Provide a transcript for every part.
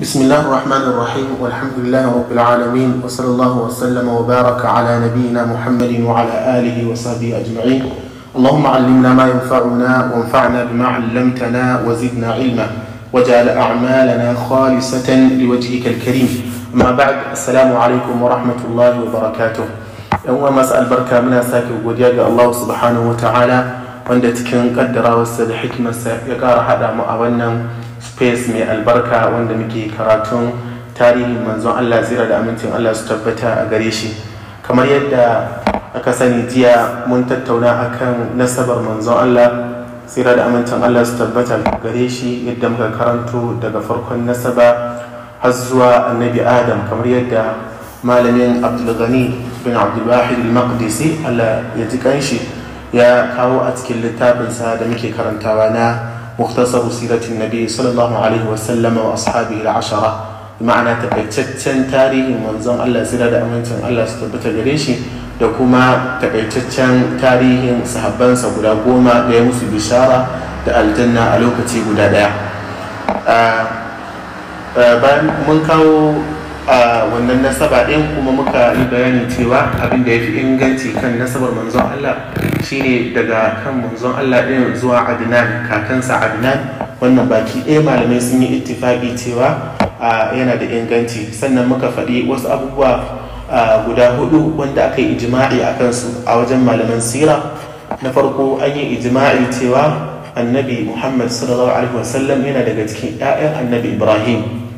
بسم الله الرحمن الرحيم والحمد لله رب العالمين وصلى الله وسلم وبارك على نبينا محمد وعلى آله وصحبه أجمعين اللهم علمنا ما ينفعنا وانفعنا بما علمتنا وزدنا علما وجعل أعمالنا خالصة لوجهك الكريم أما بعد السلام عليكم ورحمة الله وبركاته يوم مسأل بركة منا ساكي وجاء الله سبحانه وتعالى wanda cikin kaddarawarsa da hikimarsa ya space mai albarka wanda muke karatun tarihin manzon Allah zira da amincin Allah su tabbata a gare shi kamar yadda aka sani jiya mun tattauna akan nasabar manzon Allah zira da amincin Allah su tabbata a gare shi yadda muka karanto daga farkon nasaba har zuwa annabi Adam kamar yadda malamin abdulgani bin abdulwahid al-maqdisi allah ya ji kanshi ya kawo a cikin littafinsa da muke karantawa na muktasar siratin nabi sallallahu alaihi wasallam wa ashabi ashara ma'ana takaitaccen tarihin manzon Allah sira da amincin Allah su tabbata gare shi da kuma takaitaccen tarihin sahabbansa guda goma da ya musu bishara da aljanna a lokaci guda ɗaya. bayan mun kawo a wannan nasaba ɗin kuma muka yi bayanin cewa abin da ya fi inganci kan nasabar manzon Allah shine daga kan manzon Allah ɗin zuwa Adinan, kakansa Adinan, wannan baki ɗaya malamai sun yi ittifaki cewa yana da inganci sannan muka faɗi wasu abubuwa guda hudu wanda aka yi ijima'i a kansu a wajen malaman sira na farko an yi ijima'i cewa annabi muhammad sallallahu alaihi wasallam yana daga cikin 'ya'yan annabi ibrahim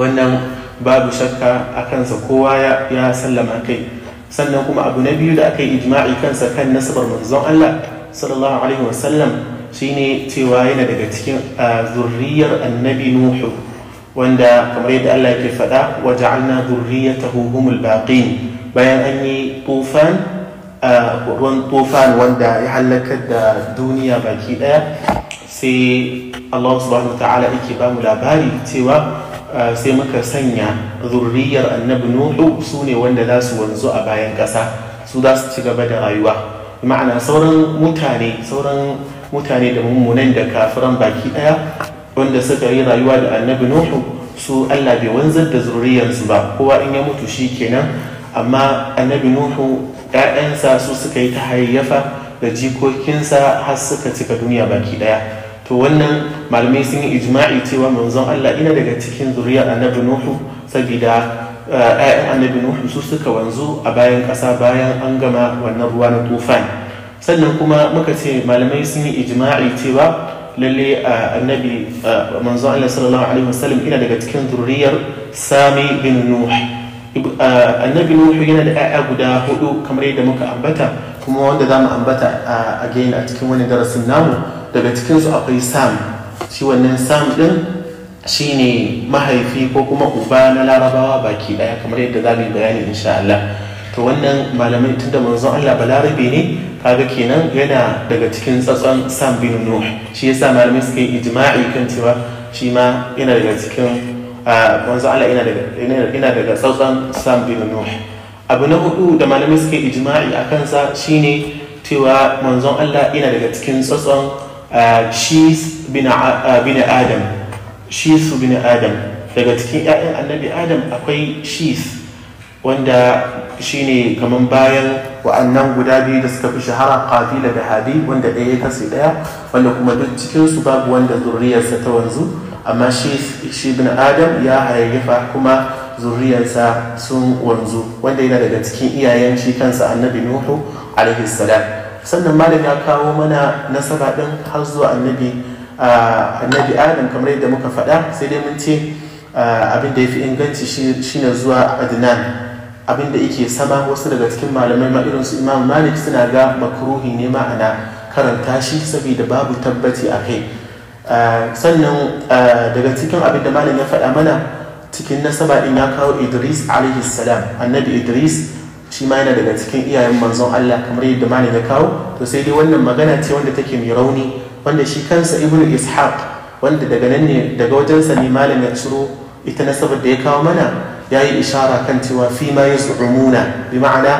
wannan babu shakka a kansa kowa ya sallama kai sannan kuma abu na biyu da aka yi ijma'i kansa kan nasabar manzon Allah sallallahu alaihi wasallam shine cewa yana daga cikin zurriyar annabi nuhu wanda kamar yadda Allah yake faɗa wa ja'alna ta humul baqin bayan an yi tufan ruwan tufan wanda ya halakar da duniya baki daya sai Allah subhanahu wa ta'ala yake ba mu labari cewa sai muka sanya zurriyar annabi nuhu su ne wanda za su wanzu a bayan ƙasa su za su ci gaba da rayuwa ma'ana sauran mutane sauran mutane da mummunan da kafiran baki ɗaya wanda suka yi rayuwa da annabi nuhu su allah bai wanzar da zurriyarsu ba kowa in ya mutu shi kenan amma annabi nuhu ‘ya'yansa su suka yi ta hayayyafa da jikokinsa har suka cika duniya baki ɗaya to wannan malamai sun yi ijma'i cewa manzon Allah ina daga cikin zuriyar annabi Nuhu saboda eh, ayyan annabi Nuhu su suka wanzu a bayan ƙasa bayan an gama wannan ruwa na tufan sannan kuma muka ce malamai sun yi ijma'i cewa lalle eh, annabi eh, manzon Allah sallallahu alaihi wasallam ina daga cikin zuriyar Sami bin Nuhu annabi Nuhu yana da ayya guda hudu kamar yadda muka ambata kuma wanda za mu ambata a gain a cikin wani darasin namu daga cikinsu akwai sam shi wannan sam din shi ne mahaifi ko kuma uba na larabawa baki ɗaya kamar yadda za mu yi bayani insha Allah to wannan malamai tun da manzon Allah balarabe ne kaga kenan yana daga cikin tsatson sam bin nuh shi yasa malamai suke yi ijma'i kan cewa shi ma yana daga cikin manzon Allah yana daga tsatson sam bin nuh abu na hudu da malamai suke yi ijma'i a kansa shine cewa manzon Allah yana daga cikin tsatson shis bin adam shisu bin adam daga cikin 'ya'yan annabi adam akwai shis wanda shine kamar bayan wa'annan guda biyu da suka fi shahara kafila da habi wanda ɗaya ya kasu ɗaya wanda kuma duk cikinsu babu wanda zurriyarsa ta wanzu amma shi bin adam ya hayayyafa kuma zuriyarsa sun wanzu wanda yana daga cikin iyayen shi kansa annabi nuhu alaihi salam sannan malam ya kawo mana nasara ɗin har zuwa annabi annabi adam kamar yadda muka faɗa sai dai mun ce abin da ya fi inganci shine zuwa adnan abin da yake sama wasu daga cikin malamai ma irin su imam malik suna ga makruhi ne ma'ana karanta shi saboda babu tabbaci a kai sannan daga cikin abin da malam ya faɗa mana cikin nasaba din ya kawo idris alaihi salam annabi idris shi ma yana daga cikin iyayen manzon Allah kamar yadda malam ya kawo to sai dai wannan magana ce wanda take mai rauni wanda shi kansa ibnu ishaq wanda daga nan ne daga wajensa ne malam ya ciro ita nasabar da ya kawo mana ya yi ishara kan cewa fi ma yaz'umuna bi ma'ana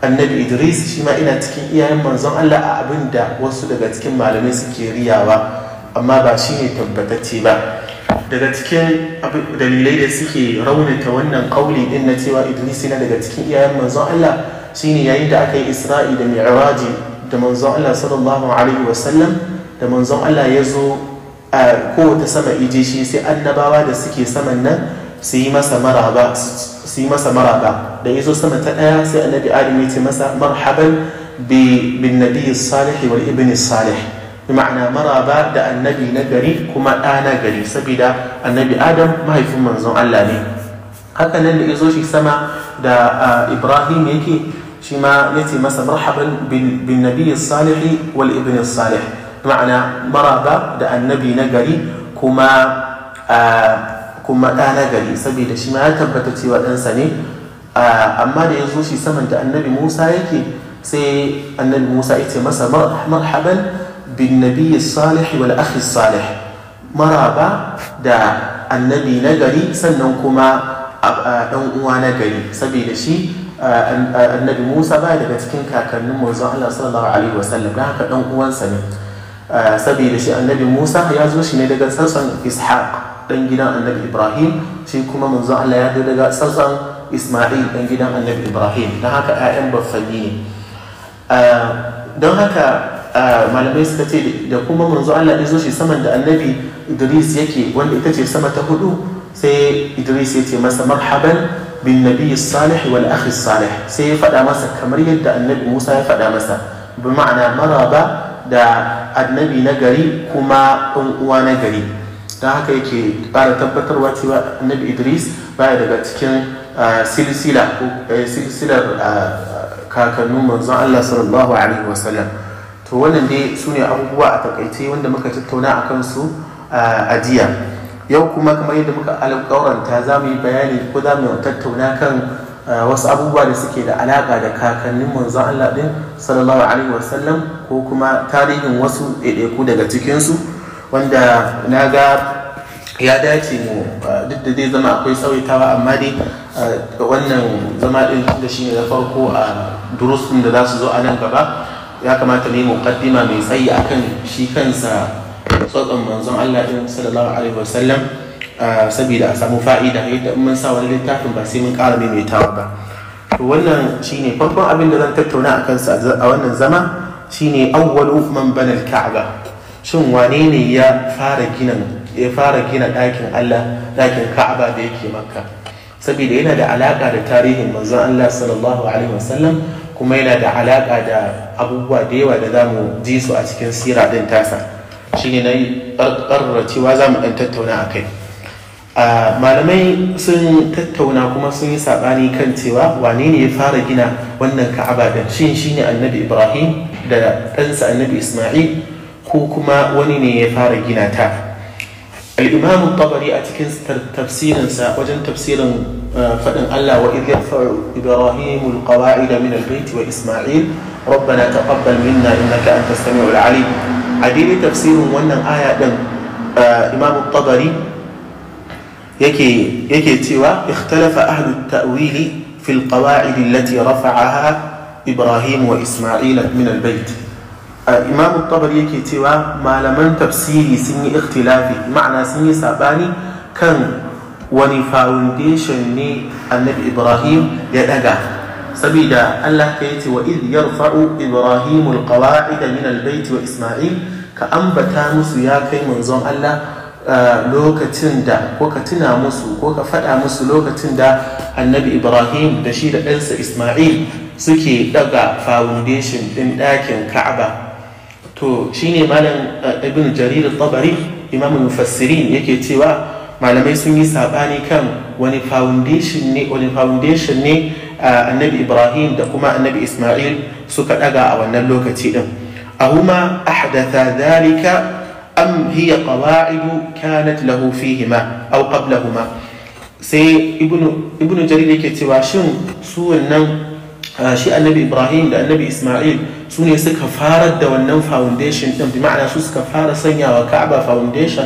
annabi idris shi ma ina cikin iyayen manzon allah a abin da wasu daga cikin malamai suke riyawa amma ba shine tabbatacce ba daga cikin dalilai da suke raunata wannan kauli din na cewa idris yana daga cikin iyayen manzon allah shine yayin da aka yi isra'i da mi'raji da manzon allah sallallahu alaihi wasallam da manzon allah ya zo a kowace sama ije shi sai annabawa da suke saman nan su yi masa maraba su da ya zo sama ta ɗaya sai annabi adam ya ce masa marhaban bin nabi salih wal ibn salih bi maraba da annabi na gari kuma ɗa na gari saboda annabi adam mahaifin manzon Allah ne haka nan da ya zo shi sama da ibrahim yake shi ma ya ce masa marhaban bin nabi salihi wal ibn salih ma'ana maraba da annabi na gari kuma kuma ɗa na gari saboda shi ma ya tabbata cewa ɗansa ne amma da ya zo shi sama da annabi musa yake sai annabi musa ya ce masa marhaban bin nabiyyi salih wal akhi maraba da annabi na gari sannan kuma dan gari saboda shi annabi Musa ba daga cikin kakannin manzon Allah sallallahu alaihi wasallam dan haka dan uwansa ne saboda shi annabi Musa ya zo shi ne daga sassan Ishaq dan gidan annabi Ibrahim shi kuma manzon Allah ya zo daga sassan Isma'il ɗan gidan annabi Ibrahim dan haka 'ya'yan baffanni ne don haka malamai suka ce da kuma manzo Allah ya zo shi saman da annabi Idris yake wanda ita ce sama ta hudu sai Idris ya ce masa marhaban bin nabi salih wal akhi salih sai ya faɗa masa kamar yadda annabi Musa ya faɗa masa bi ma'ana maraba da annabi na gari kuma ɗan uwa na gari don haka yake ƙara tabbatarwa cewa annabi Idris baya daga cikin silsila eh, silsilar kakannin manzon Allah sallallahu alaihi wasallam to wannan dai su ne abubuwa a takaice wanda muka tattauna a kansu a jiya yau kuma kamar yadda muka alƙawaranta za mu yi bayani ko za mu tattauna kan wasu abubuwa da suke da alaƙa da kakannin manzon Allah ɗin sallallahu alaihi wasallam ko kuma tarihin wasu ɗaiɗaiku daga cikinsu wanda na ga ya dace mu duk da zai zama akwai tsawaitawa amma dai wannan zama ɗin da shi ne da farko a durusun da za su zo a nan gaba ya kamata ne mukaddima mai tsayi akan shi kansa tsotson manzon Allah din sallallahu alaihi saboda a samu fa'ida yadda in mun sa wani littafin ba sai mun ƙara maimaitawa ba to wannan shine farkon abin da zan tattauna a kansa a wannan zama shine awwalu man bana al-ka'ba shin wane ne ya fara gina ya fara gina ɗakin Allah ɗakin Ka'aba da yake Makka saboda yana da alaka da tarihin manzon Allah sallallahu alaihi kuma yana da alaƙa da abubuwa da yawa da za mu ji su a cikin sira ɗin tasa shine na ƙarƙarar cewa za mu ɗan tattauna a kai malamai sun tattauna kuma sun yi saɓani kan cewa wane ne ya fara gina wannan ka'aba ɗin shin shine annabi ibrahim da ɗansa annabi isma'il ko kuma wani ne ya fara gina ta al'imamun tabari a cikin tafsirinsa wajen tafsirin faɗin Allah wa idh ibrahimu Ibrahim al-qawa'id min wa Isma'il rabbana taqabbal minna innaka antas samiul alim a daidai tafsirin wannan aya din Imam Tabari yake yake cewa ikhtalafa ahlu at-ta'wili fi al lati allati ha Ibrahim wa Isma'il min al-bayt Imam Tabari yake cewa malaman tafsiri sun yi ikhtilafi ma'ana sun yi sabani kan wani foundation ne annabi ibrahim ya daga saboda allah ta yace wa id yarfa'u ibrahim alqawa'ida min albayt wa isma'il ka ambata musu ya kai manzon allah lokacin da ko ka tuna musu ko ka faɗa musu lokacin da annabi ibrahim da shi da ɗansa isma'il suke daga foundation ɗin ɗakin ka'aba to shine malam ibn jarir tabari imamul mufassirin yake cewa malamai sun yi saɓani kan wani foundation ne wani foundation ne annabi ibrahim da kuma annabi ismail suka ɗaga a wannan lokaci ɗin ahuma ahdatha dhalika am hiya qawa'idu kanat lahu fihima aw qablahuma sai ibnu ibnu jarir yake cewa shin su wannan shi annabi ibrahim da annabi ismail su ne suka fara da wannan foundation ɗin bi ma'ana su suka fara sanya wa ka'aba foundation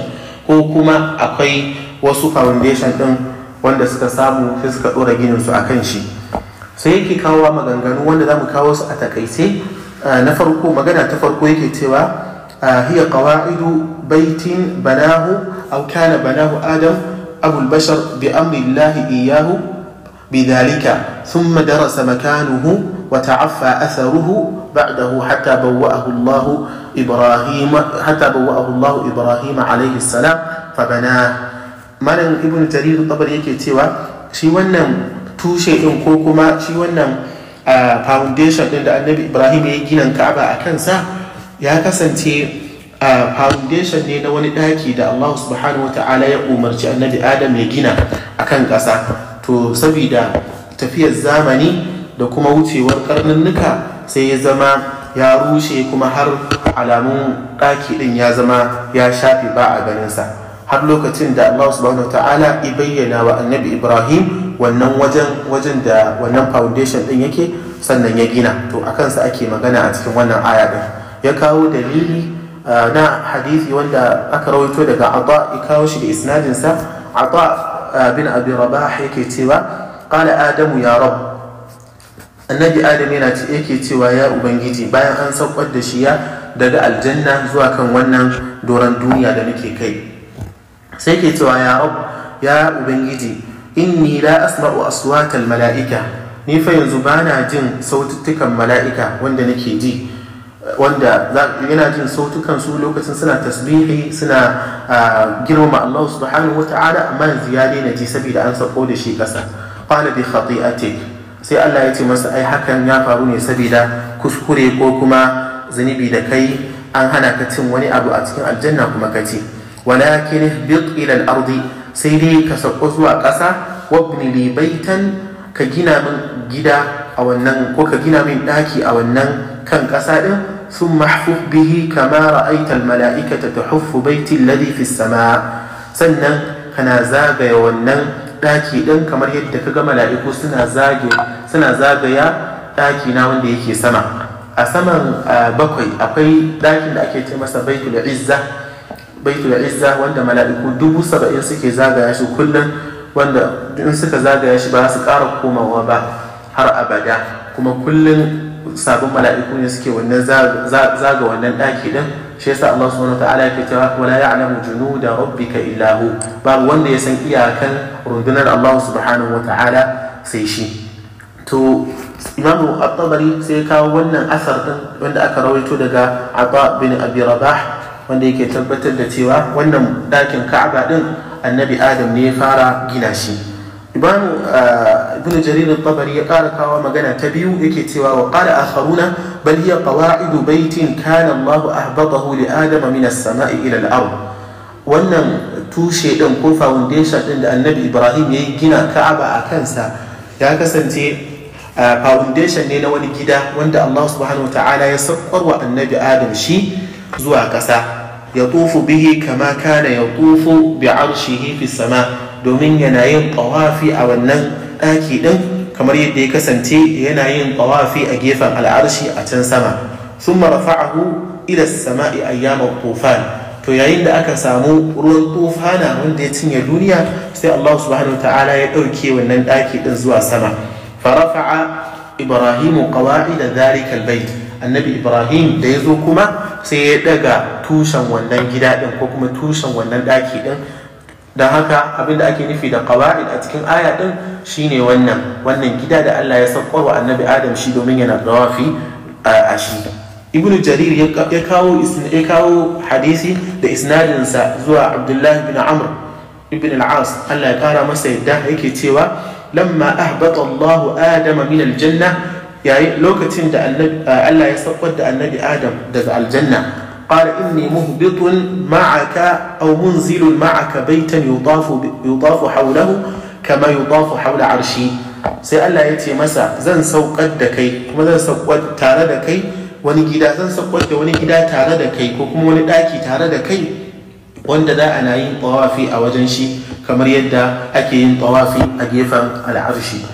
ko kuma akwai wasu foundation din wanda suka samu sai suka ginin su a kan shi sai yake kawo maganganu wanda zamu kawo su a takaice ah, na farko magana ta farko yake cewa ah, hiya qawa'idu baitin banahu aw kana banahu adam abul bashar bi amri llahi iyahu bidhalika thumma darasa makanuhu wa ta'affa atharuhu بعده حتى بوأه الله إبراهيم حتى بوأه الله إبراهيم عليه السلام yake cewa shi wannan tushe din ko kuma shi wannan foundation din da annabi Ibrahim ya gina Ka'aba a kansa ya kasance foundation ne na wani daki da Allahu subhanahu wata'ala ya umarci annabi Adam ya gina a kan ƙasa to saboda tafiyar zamani da kuma wucewar karnannuka sai ya zama ya rushe kuma har alamun ɗaki ɗin ya zama ya shafe ba a ganinsa har lokacin da Allah subhanahu ta'ala i bayyana wa annabi Ibrahim wannan wajen wajen da wannan foundation ɗin yake sannan ya gina to a kansa ake magana a cikin wannan aya ɗin ya kawo dalili na hadisi wanda aka rawaito daga Ata ya kawo shi da isnadinsa Ata bin Abi Rabah yake cewa qala Adamu ya Rabb annabi adam yana yake cewa ya ubangiji bayan an saukar da shi ya daga aljanna zuwa kan wannan doron duniya da muke kai sai ke cewa ya rab ya ubangiji inni la asma'u aswatal mala'ika ni fa yanzu bana jin saututtukan mala'ika wanda nake ji wanda yana jin sautukan su lokacin suna tasbihi suna girmama Allah subhanahu wata'ala amma yanzu ya daina ji saboda an sako da shi kasa qala bi khati'atik sai Allah ya ce masa ai hakan ya faru ne saboda kuskure ko kuma zunubi da kai an hana ka cin wani abu a cikin aljanna kuma ka ce walakin bit ila al-ardi sai dai ka sako zuwa ƙasa wabni li baitan ka gina min gida a wannan ko ka gina min daki a wannan kan kasa ɗin sun mahfuf bihi kama ra'aita al-mala'ikata tuhuffu baiti alladhi fi sama sannan kana zagaya wannan ɗaki ɗin kamar yadda ka ga mala'iku suna zage suna zagaya ɗakina na wanda yake sama a saman bakwai akwai ɗakin da ake ce masa baitul izza baitul izza wanda mala'iku dubu saba'in suke zagaya shi kullum wanda in suka zagaya shi ba su ƙara komawa ba har abada kuma kullum sabon mala'iku ne suke wannan zaga wannan ɗaki ɗin shi yasa Allah subhanahu wataala yake cewa wala ya'lamu junuda rabbika illa hu babu wanda ya san iyakan rundunar Allah subhanahu wataala sai shi to imamu at-tabari sai kawo wannan asar din wanda aka rawaito daga Ata bin Abi Rabah wanda yake tabbatar da cewa wannan dakin Ka'aba din Annabi Adam ne ya fara gina shi imamu uh, ibn jarir al-tabari ya ƙara kawo magana ta biyu yake cewa wa qala akharuna bal hiya qawaidu baitin kana Allahu ahbatahu li adama min as-sama'i ila al-ard wannan tushe din ko foundation din da annabi ibrahim yayi gina ka'aba a kansa ya kasance uh, foundation ne na wani gida wanda Allah subhanahu wa ya ya wa annabi adam shi zuwa ƙasa ya tufu bihi kama kana ya tufu bi arshihi fi sama domin yana yin ƙawafi a wannan ɗaki ɗin kamar yadda ya kasance yana yin ƙawafi a gefen al'arshi a can sama sun marfa'ahu ila sama'i ayyamar tufan to yayin da aka samu ruwan tufana wanda ya cinye duniya sai Allah subhanahu ta'ala ya ɗauke wannan ɗaki ɗin zuwa sama farafa'a ibrahim da zari bait annabi ibrahim da ya zo kuma sai ya daga tushen wannan gida ɗin ko kuma tushen wannan ɗaki ɗin da haka abin da ake nufi da kawa'id a cikin aya din shine wannan wannan gida da Allah ya wa annabi Adam shi domin yana dawafi a shi ibnu jarir ya kawo hadisi da isnadinsa zuwa abdullahi bin amr ibn al-as Allah ya kara masa yadda yake cewa lamma ahbata Allah Adam min aljanna lokacin da Allah ya saukar da annabi Adam daga aljanna قال إني مهبط معك أو منزل معك بيتا يطاف يطاف حوله كما يطاف حول عرشي sai Allah ya ce masa zan saukar da kai kuma zan saukar tare da kai wani gida zan saukar da wani gida tare da kai ko kuma wani ɗaki tare da kai wanda za ana yin tawafi a wajen shi kamar yadda ake yin tawafi a gefen al'arshi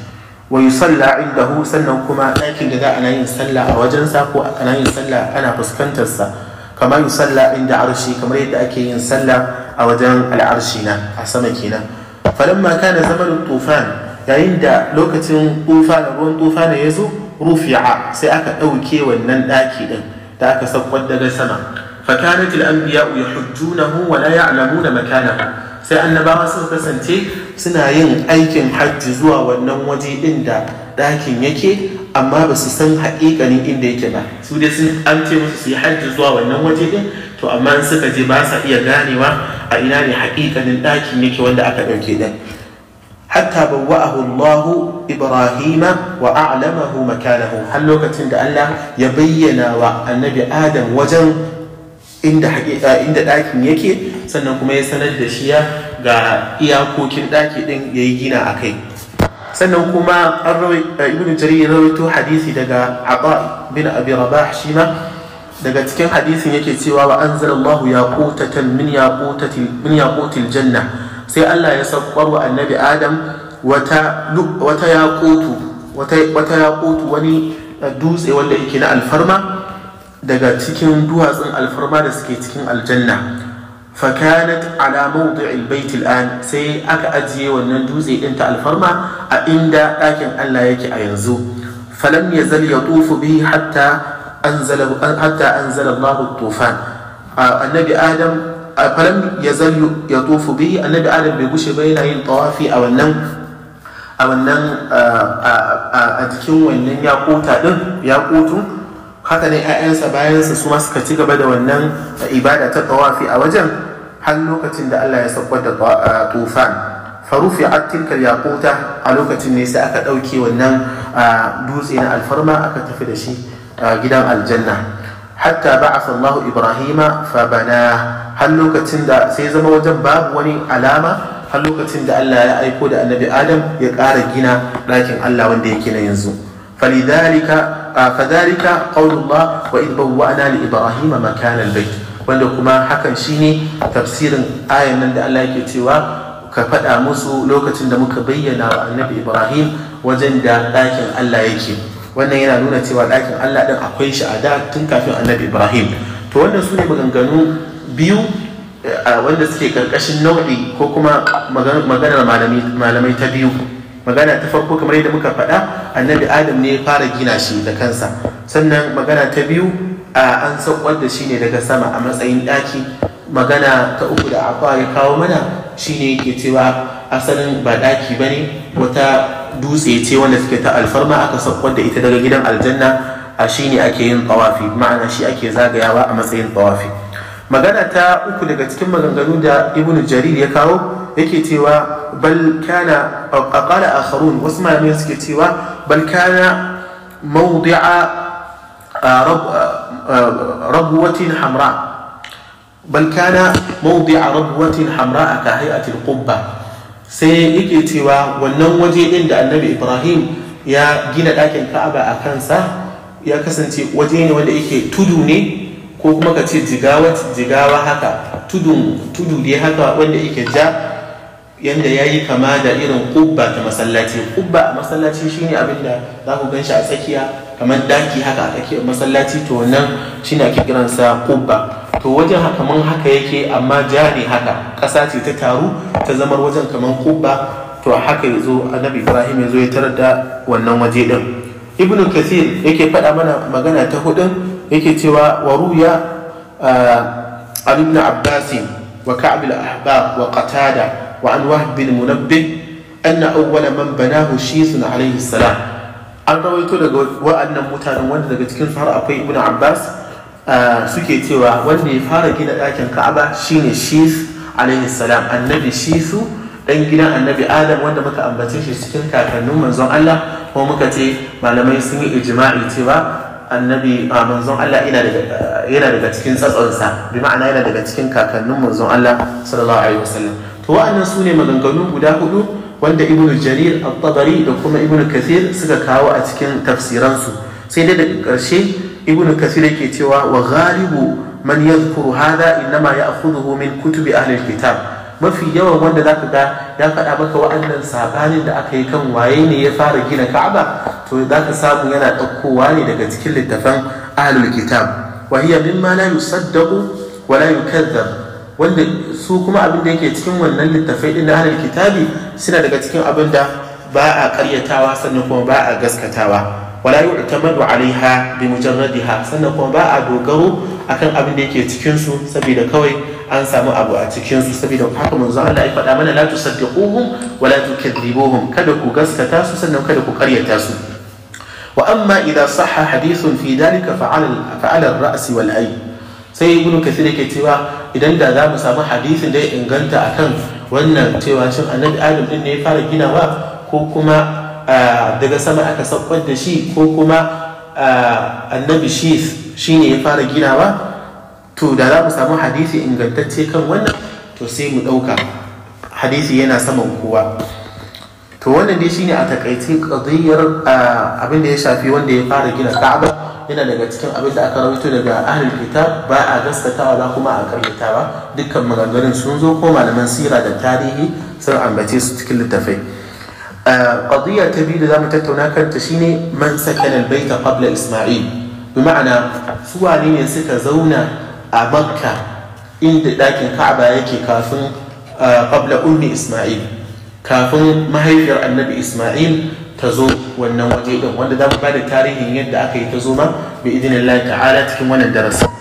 wa yusalla indahu sannan kuma ɗakin da za ana yin sallah a wajensa ko ana yin sallah ana fuskantarsa kamar yusalla inda arshi kamar yadda ake yin sallah a wajen al'arshi na a sama kenan falamma kana zamanin tufan yayin da lokacin tufa da ruwan tufan ne ya zo rufi'a sai aka ɗauke wannan ɗaki ɗin da aka saukar daga sama na الأنبياء يحجونه ولا يعلمون makana. sai annabawa sun kasance suna yin aikin hajji zuwa wannan waje ɗin da ɗakin yake amma ba su san haƙiƙanin inda yake ba su dai sun an ce musu su yi hajji zuwa wannan waje din to amma in suka je ba sa iya ganewa a ina ne haƙiƙanin ɗakin yake wanda aka ɗauke din hatta a Allahu Ibrahima wa a'lamahu makanahu har lokacin da Allah ya bayyana wa annabi Adam wajen inda inda ɗakin yake sannan kuma ya sanar da shi ga iyakokin ɗaki ɗin ya yi gina a kai sannan kuma an eh, ibn ya rawaito hadisi daga ata bin abi rabah shi ma daga cikin hadisin yake cewa wa anzalallahu yaqutatan min yaqutati min yaqutil janna sai Allah ya saukar wa annabi adam wata wata yaqutu wani eh, dutse wanda yake na alfarma daga cikin duwatsun alfarma da suke cikin aljanna fakanat ala mawdi'il bait al'an sai aka ajiye wannan dutse din ta alfarma a inda dakin Allah yake a yanzu falam yazal yatufu bihi hatta anzala hatta anzala tufan annabi Adam falam yazal yatufu bihi annabi Adam bai gushe ba yana yin tawafi a wannan a wannan a jikin wannan yakuta din 'ya'yansa bayansa su ma suka ci gaba da wannan ibada ta tawafi a wajen har lokacin da Allah ya saukar da eh, tufan farufi a tilkal yakuta a lokacin ne sai aka ɗauke wannan eh, dutse na alfarma aka tafi da shi eh, gidan aljanna hatta san Allah Ibrahima fa bana har lokacin da sai zama wajen babu wani alama har lokacin da Allah ya aiko da annabi Adam ya ƙara gina ɗakin Allah wanda yake na yanzu falidhalika fadhalika qawlullah wa idh bawwa'na li ibrahima makana al wanda kuma hakan shine tafsirin ayan nan da Allah yake cewa ka faɗa musu lokacin da muka bayyana wa annabi ibrahim wajen da ɗakin allah yake wannan yana nuna cewa ɗakin allah ɗin akwai shi a da tun kafin annabi ibrahim to wannan sune ne maganganu biyu eh, wanda suke karkashin nau'i ko kuma maganar malamai ta biyu magana ta farko kamar yadda muka faɗa annabi adam ne ya fara gina shi da kansa sannan magana ta biyu an saukar da shi ne daga sama a matsayin ɗaki magana ta uku da akwa ya kawo mana shine ke cewa asalin ba ɗaki ba ne wata dutse ce wanda suke ta alfarma aka saukar da ita daga gidan aljanna a shi ne ake yin tsawafi ma'ana shi ake zagayawa a matsayin tsawafi magana ta uku daga cikin maganganu da ibnu jarir ya kawo yake cewa bal kana aqala akharun wasu malamai suke cewa bal kana mawdi'a ربوة حمراء بل كان موضع ربوة حمراء كهيئة القبة sai yake cewa wannan waje ɗin da annabi ibrahim ya gina ɗakin ka'aba a kansa ya kasance waje ne wanda yake tudu ne ko kuma ka ce jigawa jigawa haka tudu dai haka wanda yake ja yanda ya yi kama da irin kubba ta masallaci kubba a masallaci shine abin da za ku gan shi a tsakiya kamar daki haka a tsakiyar masallaci to nan shine ake kiransa kubba to wajen kaman haka yake amma ja ne haka ƙasa ce ta taru ta zamar wajen kamar kubba to haka ya zo annabi ibrahim ya zo ya tarar da wannan waje din ibnu kathir yake faɗa mana magana ta hudun yake cewa wa ruya abin ah, abbasin wa ka'b ahbab wa qatada وعن وهب بن منبه أن أول من بناه شيث عليه السلام an rawaito daga wa'annan mutanen wanda daga cikin har akwai ibn abbas ah, suke cewa wanda ya fara gina ɗakin ka'aba shine shisu alaihi salam annabi shisu dan gidan annabi adam wanda muka ambace shi cikin kakannin manzon allah ko muka ce malamai sun yi ijma'i cewa annabi ah, manzon allah yana daga ah, cikin tsatsonsa bi ma'ana yana daga cikin kakannin manzon allah sallallahu alaihi wasallam to wa'annan su ne maganganu guda hudu wanda ibnu jarir al-tabari da kuma ibnu kathir suka kawo a cikin tafsiransu sai dai daga ƙarshe ibnu kathir yake cewa wa ghalibu man yadhkuru hadha innama ya'khudhuhu min kutubi ahli al-kitab mafi yawan wanda zaka ga ya faɗa maka wa'annan sabanin da aka yi kan waye ne ya fara gina Ka'aba to zaka samu yana ɗaukowa ne daga cikin littafan ahlul kitab wa hiya mimma la yusaddaqu wa la yukadzdzab wanda su kuma abin da yake cikin wannan littafai din na ahlul kitabi suna daga cikin abin da ba a karyatawa sannan kuma ba a gaskatawa wala yu'tamadu alaiha bi mujarradiha sannan kuma ba a dogaro akan abin da yake cikin su saboda kawai an samu abu a cikin su saboda haka manzo Allah ya faɗa mana la tusaddiquhum wa la tukadhibuhum kada ku gaskata su sannan kada ku karyata su wa amma idza sahha hadithun fi dalika fa ala al-ra's wal ayn sai ibnu kathir yake cewa idan da za mu samu hadisin da ya inganta a kan wannan cewa shi annabi adam din ne ya fara gina wa? ko kuma daga sama aka saukar da shi ko kuma annabi shi ne ya fara gina ginawa to da za mu samu hadisi ingantacce kan wannan to sai mu ɗauka hadisi yana saman kowa to wannan dai shine a takaice kadiyar abin da ya shafi wanda ya fara gina ka'aba yana daga cikin abin da aka rawaito daga ahlul kitab ba a gaskatawa ba kuma a karyata ba dukkan maganganun sun zo ko malaman sira da tarihi sun ambace su cikin littafai qadiyya ta biyu da zamu tattauna kanta shine man sakana albayta qabla isma'il bi ma'ana su wane ne suka zauna a makka inda dakin ka'aba yake kafin qabla ummi isma'il kafin mahaifiyar annabi isma'il ta zo wannan waje din wanda za mu bada tarihin yadda aka yi ta zo ma bi idinillahi ta'ala cikin wannan darasin.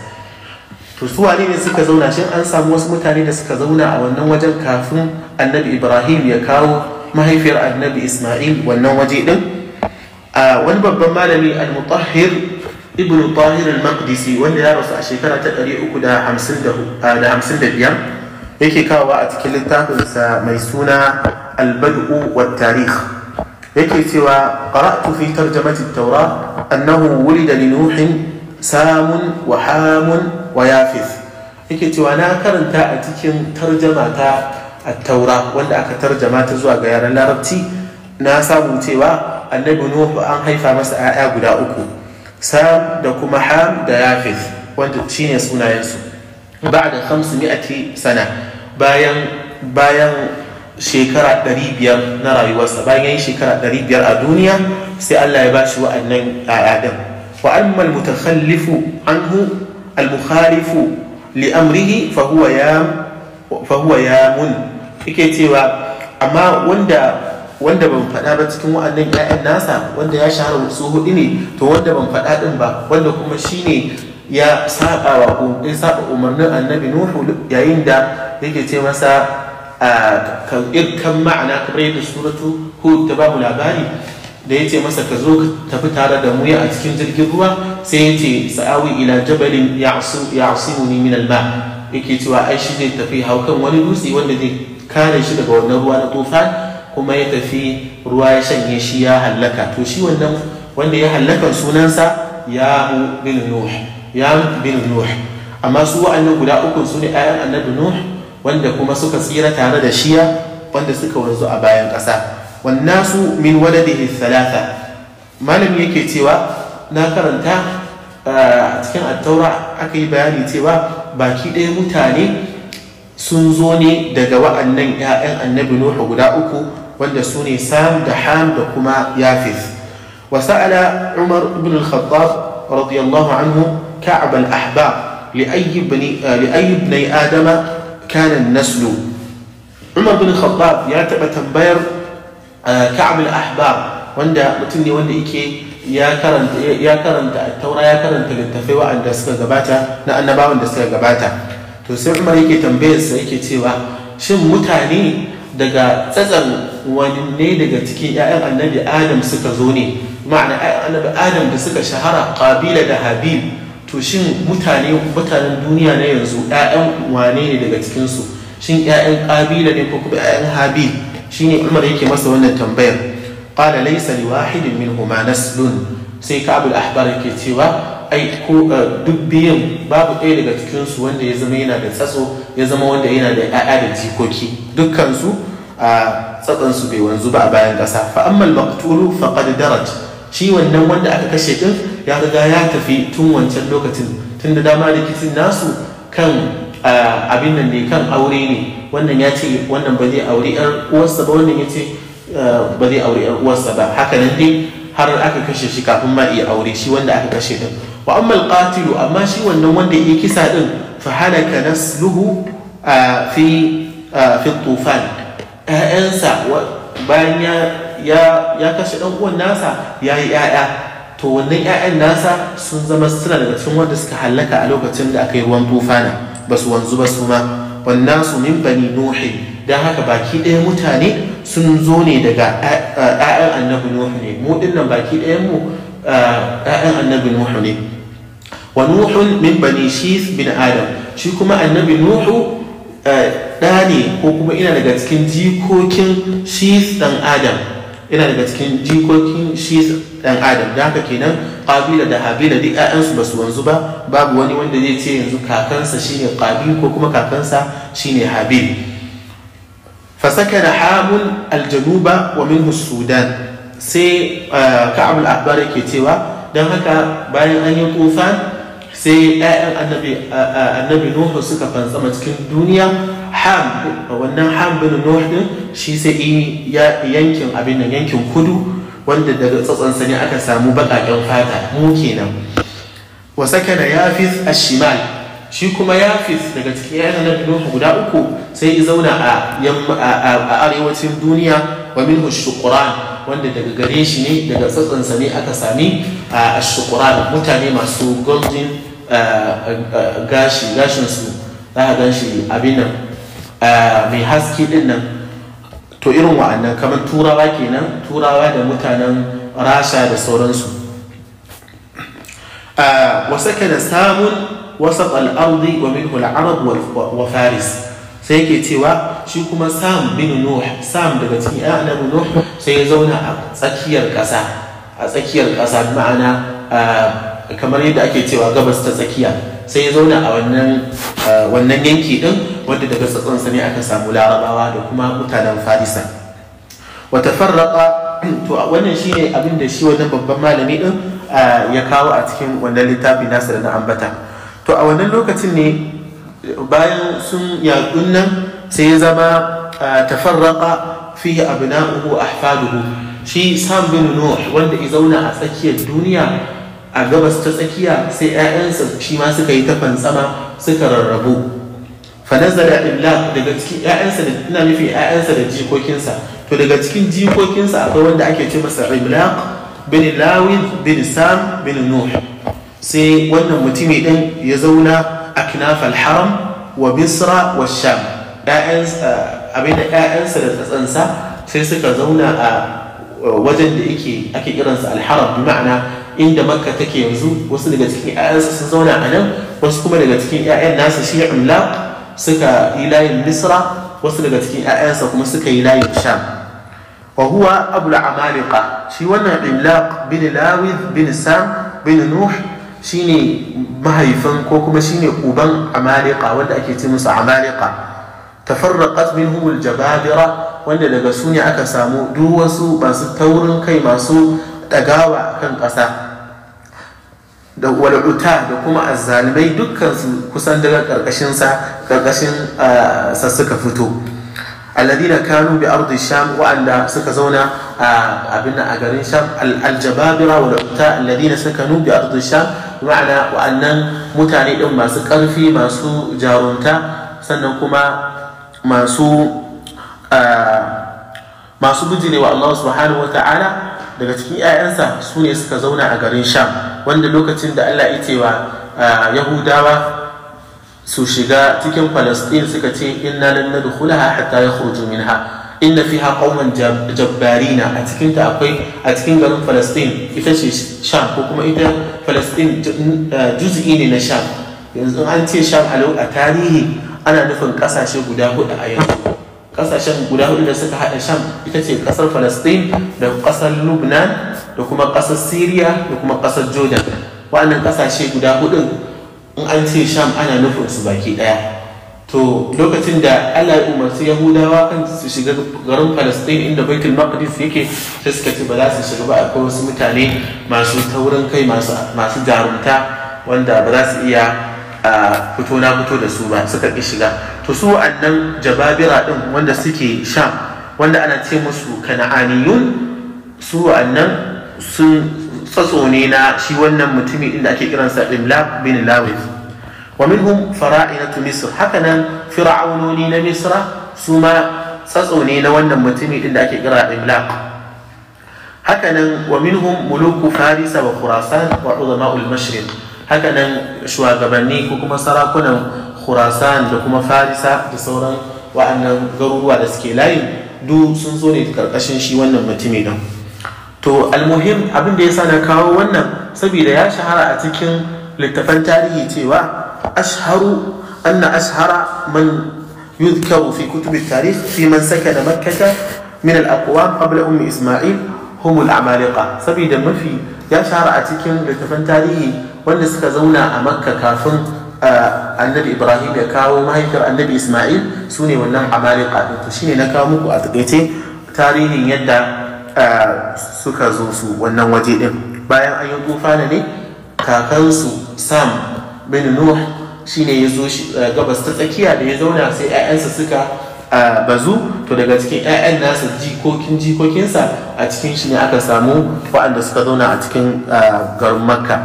to su wane ne suka zauna shin an samu wasu mutane da suka zauna a wannan wajen kafin annabi ibrahim ya kawo mahaifiyar annabi isma'il wannan waje din a wani babban malami al-mutahhir ibn tahir al-maqdisi wanda ya rasu a shekara ta 355 yake kawo a cikin littafinsa mai suna al-bad'u wa tarikh yake cewa qara'tu fi tarjamati at-taura annahu wulida li nuhin samun wa hamun wa yafis yake cewa na karanta a cikin tarjama ta a taura wanda aka tarjama ta zuwa ga yaran larabci na samu cewa annabi nuhu an haifa masa 'ya'ya guda uku sam da kuma ham da yafes wanda shine sunayensu ba'a da ba'da 500 sana bayan bayan shekara 500 na rayuwarsa bayan yi shekara 500 a duniya sai Allah ya bashi wa'annan ayadan wa ammal mutakhallifu anhu al-mukhalifu li amrihi fa huwa ya fa huwa mun yake cewa amma wanda wanda ban faɗa ba cikin wa'annan 'ya'yan nasa wanda ya shahara su hudu ne to wanda ban faɗa din ba wanda kuma shine ya saba wa ya saba umarnin annabi nuhu yayin da yake ce masa kan ma'ana kamar yadda suratu hud ta babu labari da ya ce masa ka zo ka tafi tare da mu ya a cikin jirgin ruwa sai yace sa'awi ila jabalin ya'simuni min al-ma yake cewa ai shi zai tafi haukan wani dutse wanda zai kare shi daga wannan ruwa na tufan kuma ya tafi ruwa ya shanye shi ya hallaka to shi wannan wanda ya hallaka sunansa ya bin nuh bin nuh amma su wa'annan guda uku su ne ayan annabi nuh wanda kuma suka tsira tare da shiya wanda suka wanzu a bayan ƙasa wannasu min waladihi thalatha malam yake cewa na karanta a cikin attaura aka yi bayani cewa baki ɗaya mutane sun zo ne daga wa'annan 'ya'yan annabi nuhu guda uku wanda su ne sam da ham da kuma yafis sa'ala umar ibn al-khattab radiyallahu anhu ka'ab al-ahbab li ayyi adama kanin naslu umar bin khattab ya taɓa tambayar ka'ab al-ahbar wanda mutum ne wanda ya karanta ya karanta taura ya karanta littafai wa'anda suka gabata na annabawan da suka gabata to sai umar yake tambayarsa yake cewa shin mutane daga tsatsan wanne daga cikin 'ya'yan annabi adam suka zo ne ma'ana 'ya'yan annabi adam da suka shahara kabila da habib to shin mutane mutanen duniya na yanzu 'ya'yan wane ne daga cikinsu shin 'ya'yan ƙabila ne ko kuma 'ya'yan habil shi ne umar yake masa wannan tambayar ƙala laisa li wahidin min huma sai kabul ahbar yake cewa ai ko eh, duk biyan babu ɗaya daga cikinsu wanda ya zama yana da tsatso ya zama wanda yana da 'ya'ya da jikoki dukkansu a tsatsansu bai wanzu ba a bayan ƙasa fa ammal maqtulu faqad daraj shi wannan wanda aka kashe ɗin? ya riga ya tafi tun wancan lokacin tun da dama rikicin nasu kan abin nan ne kan aure ne wannan ya ce wannan ba zai aure yar uwarsa ba wannan ya ce ba zai aure yar uwarsa ba haka nan dai har aka kashe shi kafin ma iya aure shi wanda aka kashe din wa amma qatilu amma shi wannan wanda ya kisa din fa halaka nasluhu fi fi tufan ƴaƴansa bayan ya ya kashe dan uwan nasa ya yi ƴaƴa to wannan 'ya'yan nasa sun zama suna daga cikin wanda suka hallaka a lokacin da aka yi ruwan tufana ba su wanzu ba su ma wannan su min bani nuhi don haka baki ɗaya mutane sun zo ne daga ƴaƴan annabi nuhu ne mu dinnan baki ɗayan mu ƴaƴan annabi nuhu ne wa nuhun min bani shis bin adam shi kuma annabi nuhu eh, ɗa ne ko kuma ina daga cikin jikokin shis ɗan adam ina daga cikin jikokin shi ɗan adam da haka kenan kabila da habila duk ƴaƴansu ba su wanzu ba babu wani wanda zai ce yanzu kakansa shine qabil ko kuma kakansa shine habil da hamul aljanuba wa minhu sudan sai eh, ka'ab al-ahbar yake cewa dan haka bayan an yi tufan sai ƴaƴan annabi eh, eh, annabi nuhu suka fantsama cikin duniya ham wannan ham bin nuh din shi sai ya yankin abin nan yankin kudu wanda daga tsatsan sani aka samu baƙaƙen fata mu kenan wa sakana yafis shimal shi kuma yafis daga cikin yana na nuh guda uku sai ya zauna a arewacin duniya wa minhu shuqran wanda daga gare shi ne daga tsatsan sani aka sami ashuqran mutane masu golden gashi gashin su za a gan shi abin nan Eh, mai haske din nan to irin wa'annan kamar turawa kenan turawa da mutanen rasha da sauransu eh, wasaka da samun wasa al'ardi wa minhu al'arab wa faris sai yake cewa shi kuma sam bin nuh sam daga cikin ya annabi nuh sai ya zauna a tsakiyar ƙasa a tsakiyar ƙasa ma'ana eh, kamar yadda ake cewa gabas ta tsakiya sai ya zauna a wannan yanki din wanda daga tsatsonsa ne aka samu larabawa da kuma mutanen farisa wata farraka to wannan ne abin da shi wannan babban malami din ya kawo a cikin wannan littafi nasa da na ambata to a wannan lokacin ne bayan sun yaƙun nan sai ya zama tafarraka fi abna'uhu ahfaduhu shi sam bin nuh wanda ya zauna a tsakiyar duniya a gabas ta tsakiya sai 'ya'yansa shi ma suka yi ta fantsama suka rarrabu fanazara imlaq daga cikin ƴaƴansa ina nufin ya'yansa da jikokinsa to daga cikin jikokinsa akwai wanda ake ce masa imlaq bin lawid bin sam bin nuh sai wannan mutumin din ya zauna a kinafal haram wa bisra wa sham eh, abinda ƴaƴansa da tsatsansa sai suka zauna a eh, wajen da ake ake kiransa alharam bi ma'ana inda makka take yanzu wasu daga cikin ƴaƴansa sun zauna a nan wasu kuma daga cikin ƴaƴan nasa shi imlaq suka yi layin misra wasu daga cikin 'ya'yansa kuma suka yi layin sham wa huwa abul amalika shi wannan imlaq bin lawid bin sam bin nuh shine mahaifin ko kuma shine uban amalika wanda ake ce musu amalika tafarraqat minhum aljababira wanda daga su ne aka samu duk wasu masu taurin kai masu dagawa kan ƙasa da wal'uta da kuma azzalimai dukkansu kusan daga karkashin sa karkashin ah, sa suka fito alladina kanu bi ardi sham wa'anda suka zauna a ah, abin a garin sham aljababira wa uta alladina sakanu bi ardi sham ma'ana wa'annan mutane din masu karfi masu jarunta sannan kuma masu ah, masu ne. Allah subhanahu wa ta'ala daga cikin 'ya'yansa su ne suka zauna a garin sham wanda lokacin da allah ya cewa yahudawa su shiga cikin palestine suka ce inna lan nadkhulaha hatta yakhruju minha inna fiha qauman jabbarina a cikin ta akwai a cikin garin palestine ita ce sham ko kuma ita palestine juzi'i ne na sham yanzu an ce sham a tarihi ana nufin kasashe guda hudu a yanzu kasashen guda hudu da suka haɗa sham ita ce kasar falastin da kasar lubnan da kuma kasar syria da kuma kasar jordan wannan kasashe guda hudun in an ce sham ana nufin su baki ɗaya to lokacin da allah ya umarci yahudawa kan su shiga garin falastin inda baitul maqdis yake sai suka ce ba za su shiga ba akwai wasu mutane masu taurin kai masu jarumta wanda ba za su iya a fito na fito da su ba suka ƙi shiga to su wa'annan jababira din wanda suke sha wanda ana ce musu kana'aniyun su wa'annan sun tsatso ne na shi wannan mutumin inda ake kiransa imla bin lawis wa minhum fara'inatu misr haka nan fir'aunoni na misra su ma tsatso ne na wannan mutumin inda ake kira haka hakanan wa minhum muluku farisa wa khurasan wa ul mashriq هكذا شو غبني كوكما سرا كنا خراسان لكما فارس دسورا وأن غرور على سكيلاي دو سنزوري كرقشن شي ونم متميدا تو المهم أبن دي سانا كاو ونم سبيل يا شهر أتكين لتفن تاريه تيوا أشهر أن أشهر من يذكر في كتب التاريخ في من سكن مكة من الأقوام قبل أم إسماعيل هم العمالقة سبيل ما في ya shahara a cikin littafin tarihi wanda suka zauna a makka kafin annabi ibrahim ya kawo mahaifiyar annabi ismail su ne wannan amalika abin to shine na kawo muku a takaice tarihin yadda suka zo su wannan waje din bayan an yi gufana ne kakansu sam bin nuh shine ya zo gabas ta tsakiya da ya zauna sai 'ya'yansa suka a bazu to daga cikin 'ya'yan nasa jikokin jikokinsa a cikin shi ne aka samu waɗanda suka zauna a cikin garin makka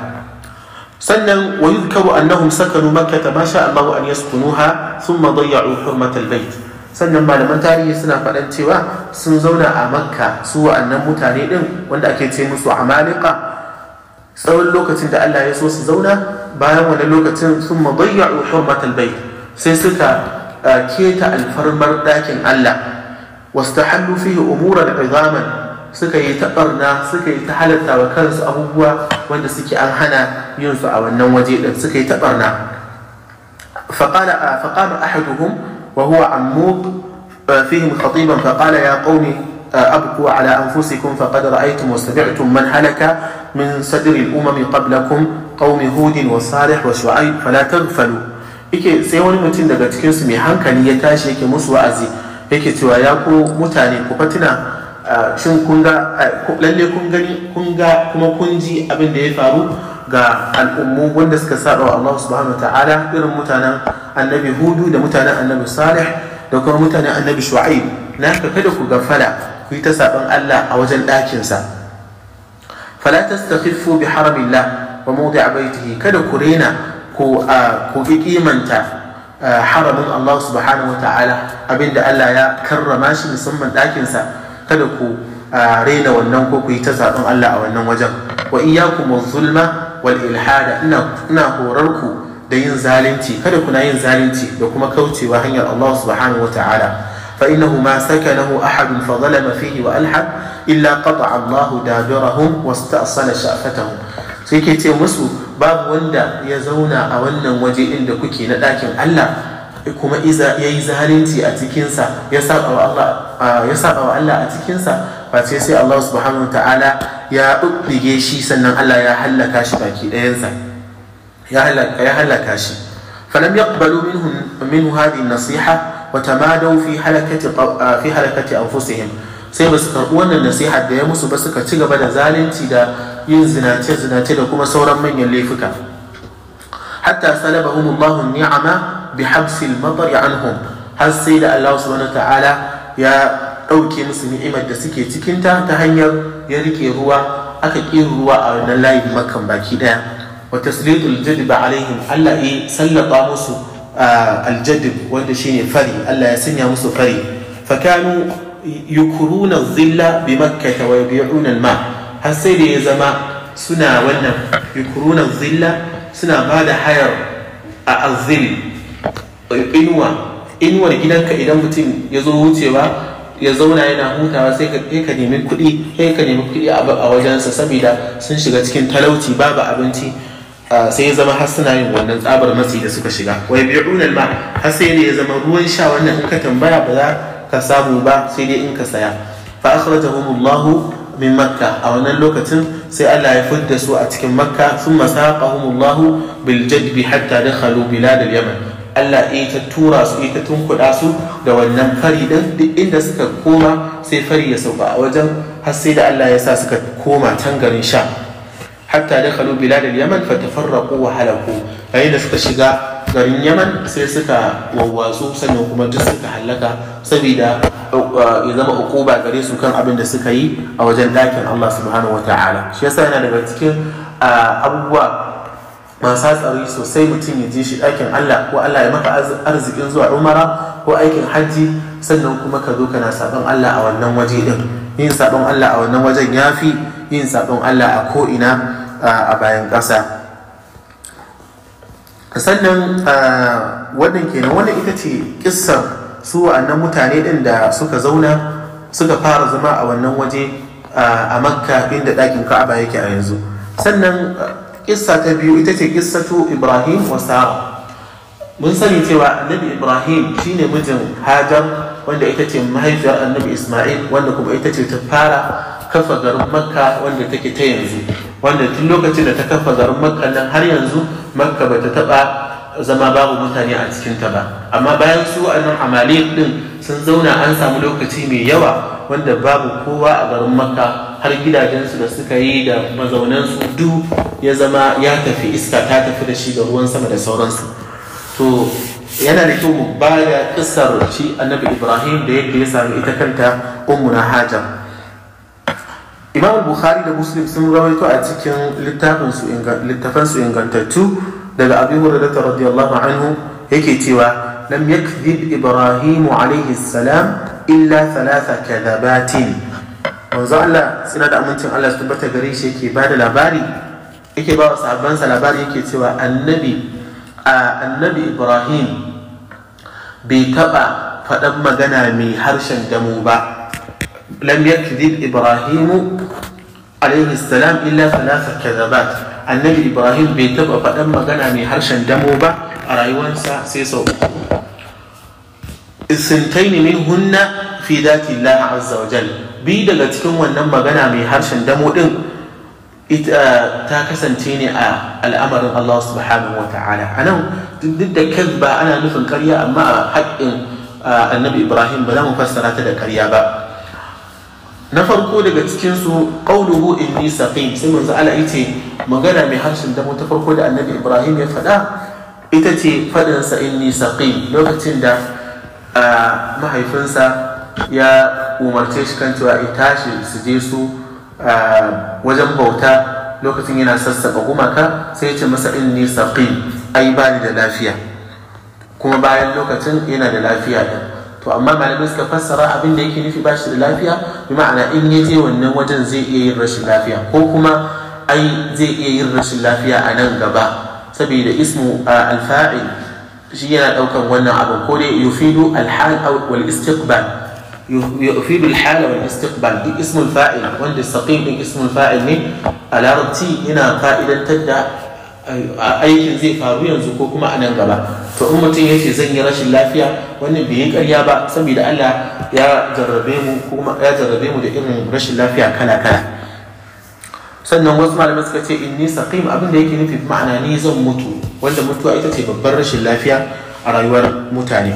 sannan wa yuzkaru annahum sakanu makkata ma sha Allah an kunuha, sun dayya'u hurmatal bait sannan malaman tarihi suna faɗan cewa sun zauna a makka su wa'annan mutane ɗin wanda ake ce musu amalika tsawon lokacin da Allah ya so su zauna bayan wani lokacin sun mabayya'u hurmatal bait sai suka اكيتا آه، الفرمر لكن الله واستحل فيه امورا عظاما سكي تقرنا سكي تحلتا وكنس ابوها وانت سكي انهنا ينسع والنوجي سكي تقرنا فقال آه، فقام احدهم وهو عموق آه، فيهم خطيبا فقال يا قوم أبقوا على انفسكم فقد رايتم وسمعتم من هلك من صدر الامم قبلكم قوم هود وصالح وشعيب فلا تغفلوا yake sai wani mutum daga cikinsu mai hankali ya tashi yake musu wa'azi yake cewa ya ku mutane ku fatina shin kun ga lalle kun gani kun ga kuma kun ji abin da ya faru ga al'ummu wanda suka saba wa Allah subhanahu ta'ala irin mutanen annabi hudu da mutanen annabi salih da kuma mutanen annabi shu'aib na ka kada ku gafala ku yi ta saban Allah a wajen ɗakinsa fala tastakhiffu bi haramillah wa mawdi'a baitihi kada ku rena ku ku kimanta haramin Allah subhanahu wa ta'ala abinda Allah ya karrama shi musamman ɗakinsa kada ku raina wannan ko ku yi ta zaɓin Allah a wannan wajen wa iyyakum zulma wal ilhada ina ina horar ku da yin zalunci kada ku na yin zalunci da kuma kaucewa hanyar Allah subhanahu wa ta'ala fa innahu ma sakanahu ahadun fa zalama fihi wa alhad illa qata'a Allah dadirahum wasta'sala sha'fatahum sai ke ce musu babu wanda ya zauna a wannan waje inda kuke na ɗakin Allah kuma iza ya yi zalunci a cikinsa ya saba wa Allah a cikinsa ba sai sai Allah subhanahu ta'ala ya ɓuɓɓige shi sannan Allah ya hallaka shi baki ɗayansa ya hallaka shi falam yaqbalu minhu hadhihi nasiha ma tamadau fi halakati a halakati sai ba su karɓi wannan nasihar da ya musu ba suka ci gaba da zalunci da yin zinace zinace da kuma sauran manyan laifuka hatta salabahum Allah ni'ama bi habsil matar anhum har sai da Allah subhanahu ta'ala ya ɗauke musu ni'imar da suke cikinta ta hanyar ya rike ruwa aka ƙi ruwa a wannan layin makan baki ɗaya wa tasliqul jadba alaihim Allah ya sallaba musu ah, aljadib wanda shine fari Allah ya sanya musu fari fakanu yukuruna zilla bi makkata wa yubi'una ma har sai da ya zama suna wannan yukuruna zilla suna ba da hayar a azil inuwa inuwar gidanka idan mutum ya zo wucewa ya zauna yana hutawa sai ka nemi kuɗi sai ka nemi kuɗi a wajensa saboda sun shiga cikin talauci babu abinci sai ya zama har suna yin wannan tsabar matsi da suka shiga wai bi'unal ma har sai da ya zama ruwan sha wannan in ka tambaya ba za ka samu ba sai dai in ka saya fa akhrajahum Allah min makka a wannan lokacin sai Allah ya fidda su a cikin makka sun saqahum Allah bil jadbi hatta dakhalu bilad al yaman Allah ya ta tura su ya tunkuda su da wannan fari din duk inda suka koma sai fari ya sauka a wajen har sai da Allah ya sa suka koma can garin sha hatta dakhalu bilad al yaman fatafarraqu wa halaku yayin da suka shiga garin yaman sai suka wawwaso sannan kuma duk suka hallaka saboda uh, ya zama ukuba gare su kan abin da suka yi a wajen ɗakin allah subhanahu wata'ala shi yasa yana daga cikin uh, abubuwa masu hatsari sosai mutum ya ji shi ɗakin allah ko allah ya maka arzikin zuwa umara ko aikin hajji sannan kuma ka zo kana sabon allah a wannan waje din yin sabon allah a wannan wajen ya fi yin sabon allah a ko'ina uh, a bayan ƙasa sannan ah, wannan kenan wannan ita ce kissar su wa'annan mutane din da suka zauna suka fara zama a wannan waje ah, a makka inda ɗakin ka'aba yake a yanzu sannan ah, kisa ta biyu ita ce kissatu ibrahim wa sara mun sani cewa annabi ibrahim shine mijin hajar wanda ita ce mahaifiyar annabi isma'il wanda kuma ita ce ta fara kafa garin makka wanda take ta yanzu wanda tun lokacin da ta kafa garin makka nan har yanzu makka bata taba zama babu mutane a cikin ta ba amma bayan su nan amali din sun zauna an samu lokaci mai yawa wanda babu kowa a garin makka har gidajensu da suka yi da mazaunansu duk ya zama ya tafi iska ta tafi da shi ga ruwan sama da sauransu to yana da kyau mu bada kissar shi annabi ibrahim da yadda ya sami ita kanta na hajar imam bukhari da muslim sun rawaito a cikin littafan su ingantattu daga abu hurairah radiyallahu anhu yake cewa lam yakzib ibrahim alayhi salam illa thalatha kadhabatin manzo Allah suna da amincin Allah su tabbata gare shi yake ba labari yake ba wa sa labari yake cewa annabi a annabi ibrahim bai taba faɗan magana mai harshen damu ba lam yakzib ibrahimu alaihi salam illa thalatha kadhabat annabi ibrahim bai taba faɗan magana mai harshen damo ba a rayuwarsa sai sau isintaini min hunna fi dati Allah azza wa bi daga cikin wannan magana mai harshen damo din ta kasance ne a al'amarin Allah subhanahu wa ta'ala a nan duk da kan ba ana nufin karya amma a haƙƙin annabi ibrahim ba za mu fassara ta da karya ba na farko daga cikin su qawluhu inni saqim sai manzo Allah yace magana mai harshen damu ta farko da annabi Ibrahim ya faɗa ita ce faɗin sa inni saqim lokacin da mahaifinsa ya umarce shi kan cewa ya tashi su je su wajen bauta lokacin yana sassaƙa gumaka sai ya ce masa inni saqim ai bani da lafiya kuma bayan lokacin yana da lafiya din to amma malamai suka fassara abin da yake nufi ba shi da lafiya bi ma'ana in ya je wannan wajen zai iya yin rashin lafiya ko kuma ai zai iya yin rashin lafiya a nan gaba saboda ismu alfa'il shi yana daukan wannan abu ko dai yufidu alhal wal istiqbal yufidu alhal wal istiqbal duk ismul fa'il wanda saqim din ismul fa'il ne a larabci yana fa'idantar da aikin zai faru yanzu ko kuma a nan gaba to in mutum ya ce zan yi rashin lafiya wannan bai yi karya ba saboda Allah ya jarrabe mu kuma ya jarrabe mu da irin rashin lafiya kala kala sannan wasu malamai suka ce inni saqim abin da yake nufi ma'ana ni zan mutu wanda mutuwa ita ce babbar rashin lafiya a rayuwar mutane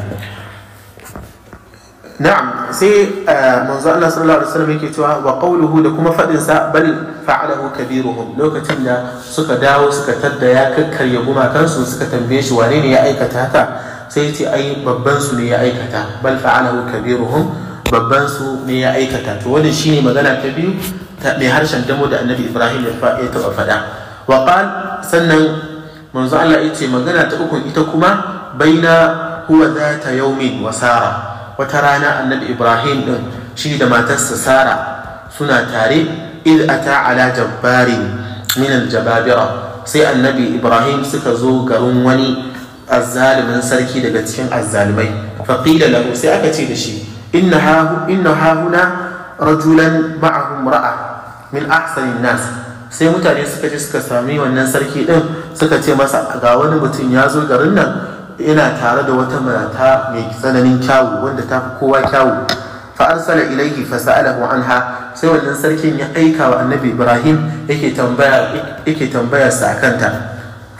na'am sai eh, manzo Allah sallallahu alaihi wasallam yake cewa wa qawluhu da kuma fadin sa bal kabiru kabiruhum lokacin da suka dawo suka tarda ya kakkarya gumakansu suka tambaye shi wane ne ya aikata haka sai ce ai babban su ne ya aikata bal fa'alahu kabiruhum babban su ne ya aikata to wannan shine magana ta biyu mai harshen damo da annabi Ibrahim ya taba faɗa wa sannan manzo Allah ya ce magana ta uku ita kuma baina huwa zata yaumin wasara wata rana annabi ibrahim din shi da matarsa sara suna tare id ata ala jabbari min aljababira sai annabi ibrahim suka zo garin wani azzalimin sarki daga cikin azzalimai faqila lahu sai aka ce da shi inna ha inna ha huna rajulan ma'ahum ra'a min ahsanin nas sai mutane suka je suka sami wannan sarki din suka ce masa ga wani mutum ya zo garin nan yana tare da wata mata mai tsananin kyawu wanda ta fi kowa kyawu fa arsala ilaihi fa sa'alahu anha sai wannan sarkin ya aika wa annabi ibrahim yake tambaya yake tambayar sa kanta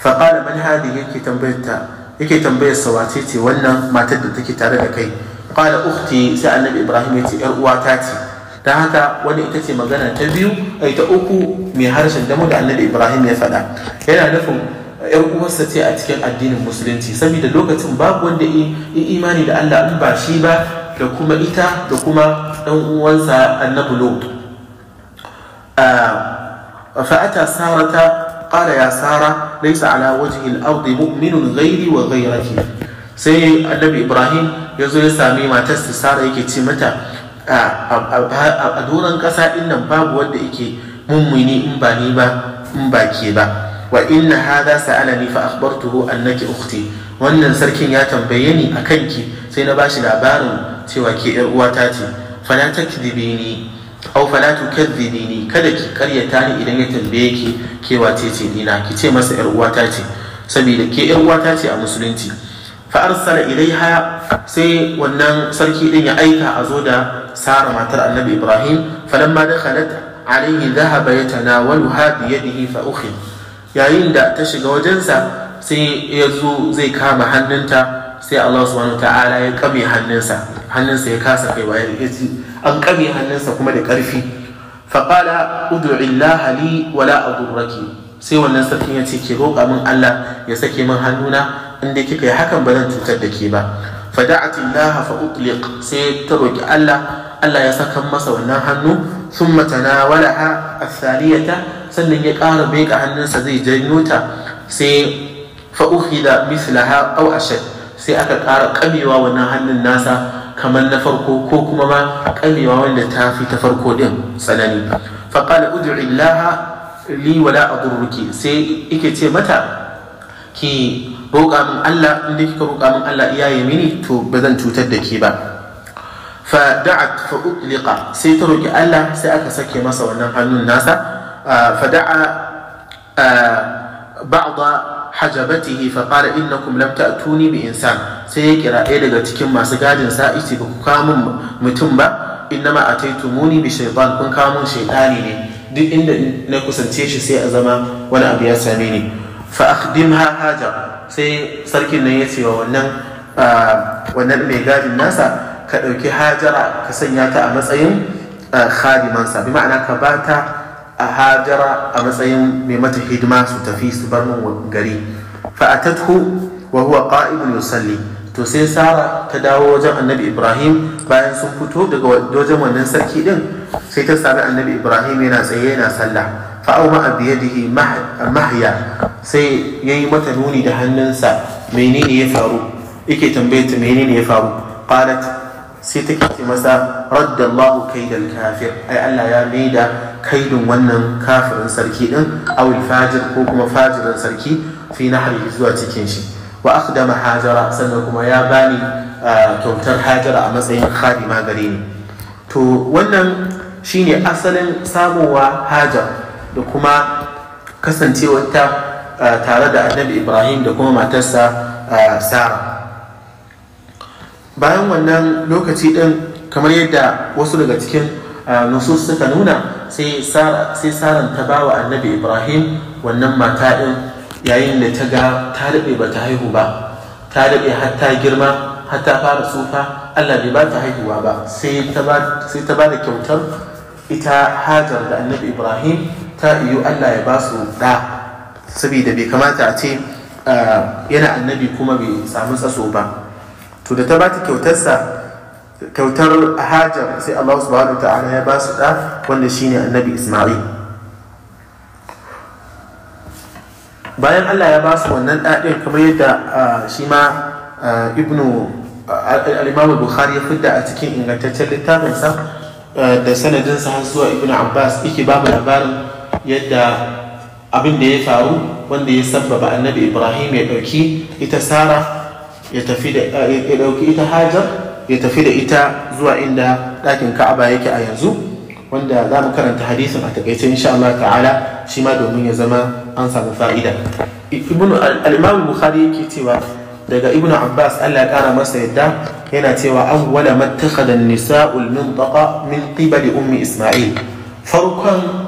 fa qala man hadi yake tambayar ta yake tambayar sa wace ce wannan matar da take tare da kai qala ukhti sai annabi ibrahim ya ce yar uwata ce Ta haka wani ita ce magana ta biyu ai ta uku mai harshen damu da annabi ibrahim ya faɗa yana nufin yar uwarsa ce a cikin addinin musulunci saboda lokacin babu wanda imani da Allah in ba shi ba da kuma ita da kuma ɗan uwansa annabi Lot ah, fa'ata sarata ƙara ya sara laysa ala wajhi al-ardi mu'minun wa ghayraki sai annabi Ibrahim ya zo ya sami matarsa Sara yake ce mata ah, a doron ƙasa ɗinnan babu wanda yake mummuni in ba ni ba in ba ke ba wa inna hadha sa'alani fa akhbartuhu annaki ukhti wannan sarkin ya tambaye ni akan ki sai na bashi labarin cewa ke yar uwata ce fala takdhibini aw fala tukadhibini kada ki karyata ni idan ya tambaye ki ke wace ce dina ki ce masa yar uwata ce saboda ke yar uwata ce a musulunci fa arsala ilaiha sai wannan sarki din ya aika a zo da sara matar annabi ibrahim falamma dakhalat alayhi dhahaba yatanawaluha bi yadihi fa ukhidha yayin da ta shiga wajensa sai ya zo zai kama hannunta sai Allah subhanahu ta'ala ya kame hannunsa hannunsa ya kasa kai bayan ya ji an kame hannunsa kuma da karfi faqala ud'i Allah li wala adurraki sai wannan sarkin ya ce ke roƙa min Allah ya sake min hannuna inda kika yi hakan ba zan cutar da ke ba fada'at Allah fa utliq sai ta roƙi Allah Allah ya saka masa wannan hannu sun matana walaha a thaliyata sannan ya ƙara beka hannunsa zai janyo ta sai fa'uhi fa'ukhida mislaha au ashad sai aka ƙara ƙamewa wannan hannun nasa kamar na farko ko kuma ma ƙamewa wanda ta fi ta farko din tsanani da ud'i laha li wala gurruki, sai ike ce mata ki roƙa min Allah inda kika roƙa min Allah iyaye mini to ba zan cutar da ke ba fa da'at fa utliqa sai ta roki Allah sai aka sake masa wannan hannun nasa fa da'a ba'da hajabatihi fa qala innakum lam ta'tuni bi insan sai ya kira ɗaya daga cikin masu gadin sa ice ba ku kawo mutum ba innama ataitumuni bi shaytan kun kawo mun shaytani ne duk inda na kusance shi sai a zama wani abu ya same ni fa akhdimha hajar sai sarkin na ya ce wannan mai gadin nasa ka ɗauki hajara ka sanya ta a matsayin khadimansa bi ma'ana ka ba ta a hajara a matsayin mai mata hidima su tafi su bar min gari fa'atathu wa huwa qa'ibun yusalli to sai sara ta dawo wajen annabi ibrahim bayan sun fito daga wajen wannan sarki din sai ta sami annabi ibrahim yana tsaye yana sallah fa'auma a biyadihi mahya sai ya yi mata nuni da hannunsa menene ya faru yake tambayar ta menene ya faru qalat sai take ce masa raddallahu kaidal kafir ai Allah ya maida kaidin wannan kafirin sarki din awil fajir ko kuma fajirin sarki fi nahrihi zuwa cikin shi wa akhdama hajara sannan kuma ya bani kyautar hajara a matsayin khadima gare ni to wannan shine asalin samowa hajar da kuma kasancewata tare da annabi ibrahim da kuma matarsa sara bayan wannan lokaci din kamar yadda wasu daga cikin ah, nusus suka nuna sai saran ta bawa annabi ibrahim wannan mata din yayin da ta ga ta daɗe ba ta haihu ba ta daɗe har girma har fara tsufa allah bai ba ta haihuwa ba sai ta ba da kyautar ita hajar da annabi ibrahim ta iyo allah ya ba su ɗa saboda bai kamata a ce ah, yana annabi kuma bai samu tsaso ba to da ta bata kyautarsa kyautar hajar sai Allah subhanahu ta'ala ya ba su da wanda shine annabi Isma'il bayan Allah ya ba su wannan ɗaɗin kamar yadda shi ma ibnu al-imam bukhari ya fidda a cikin ingantaccen littafinsa da sanadinsa har zuwa ibnu abbas yake ba mu labarin yadda abin da ya faru wanda ya sabbaba annabi ibrahim ya ɗauki ita sara ya tafi da eh, ya dauki ita hajar ya tafi da ita zuwa inda dakin ka'aba yake a yanzu wanda za mu karanta hadisin a takaice insha Allah ta'ala shi ma domin ya zama an samu fa'ida ibn al-imam bukhari yake cewa daga ibn abbas Allah ya kara masa yadda yana cewa awwala mattakhadha an-nisa'u al-mintaqa min qibali ummi isma'il farkon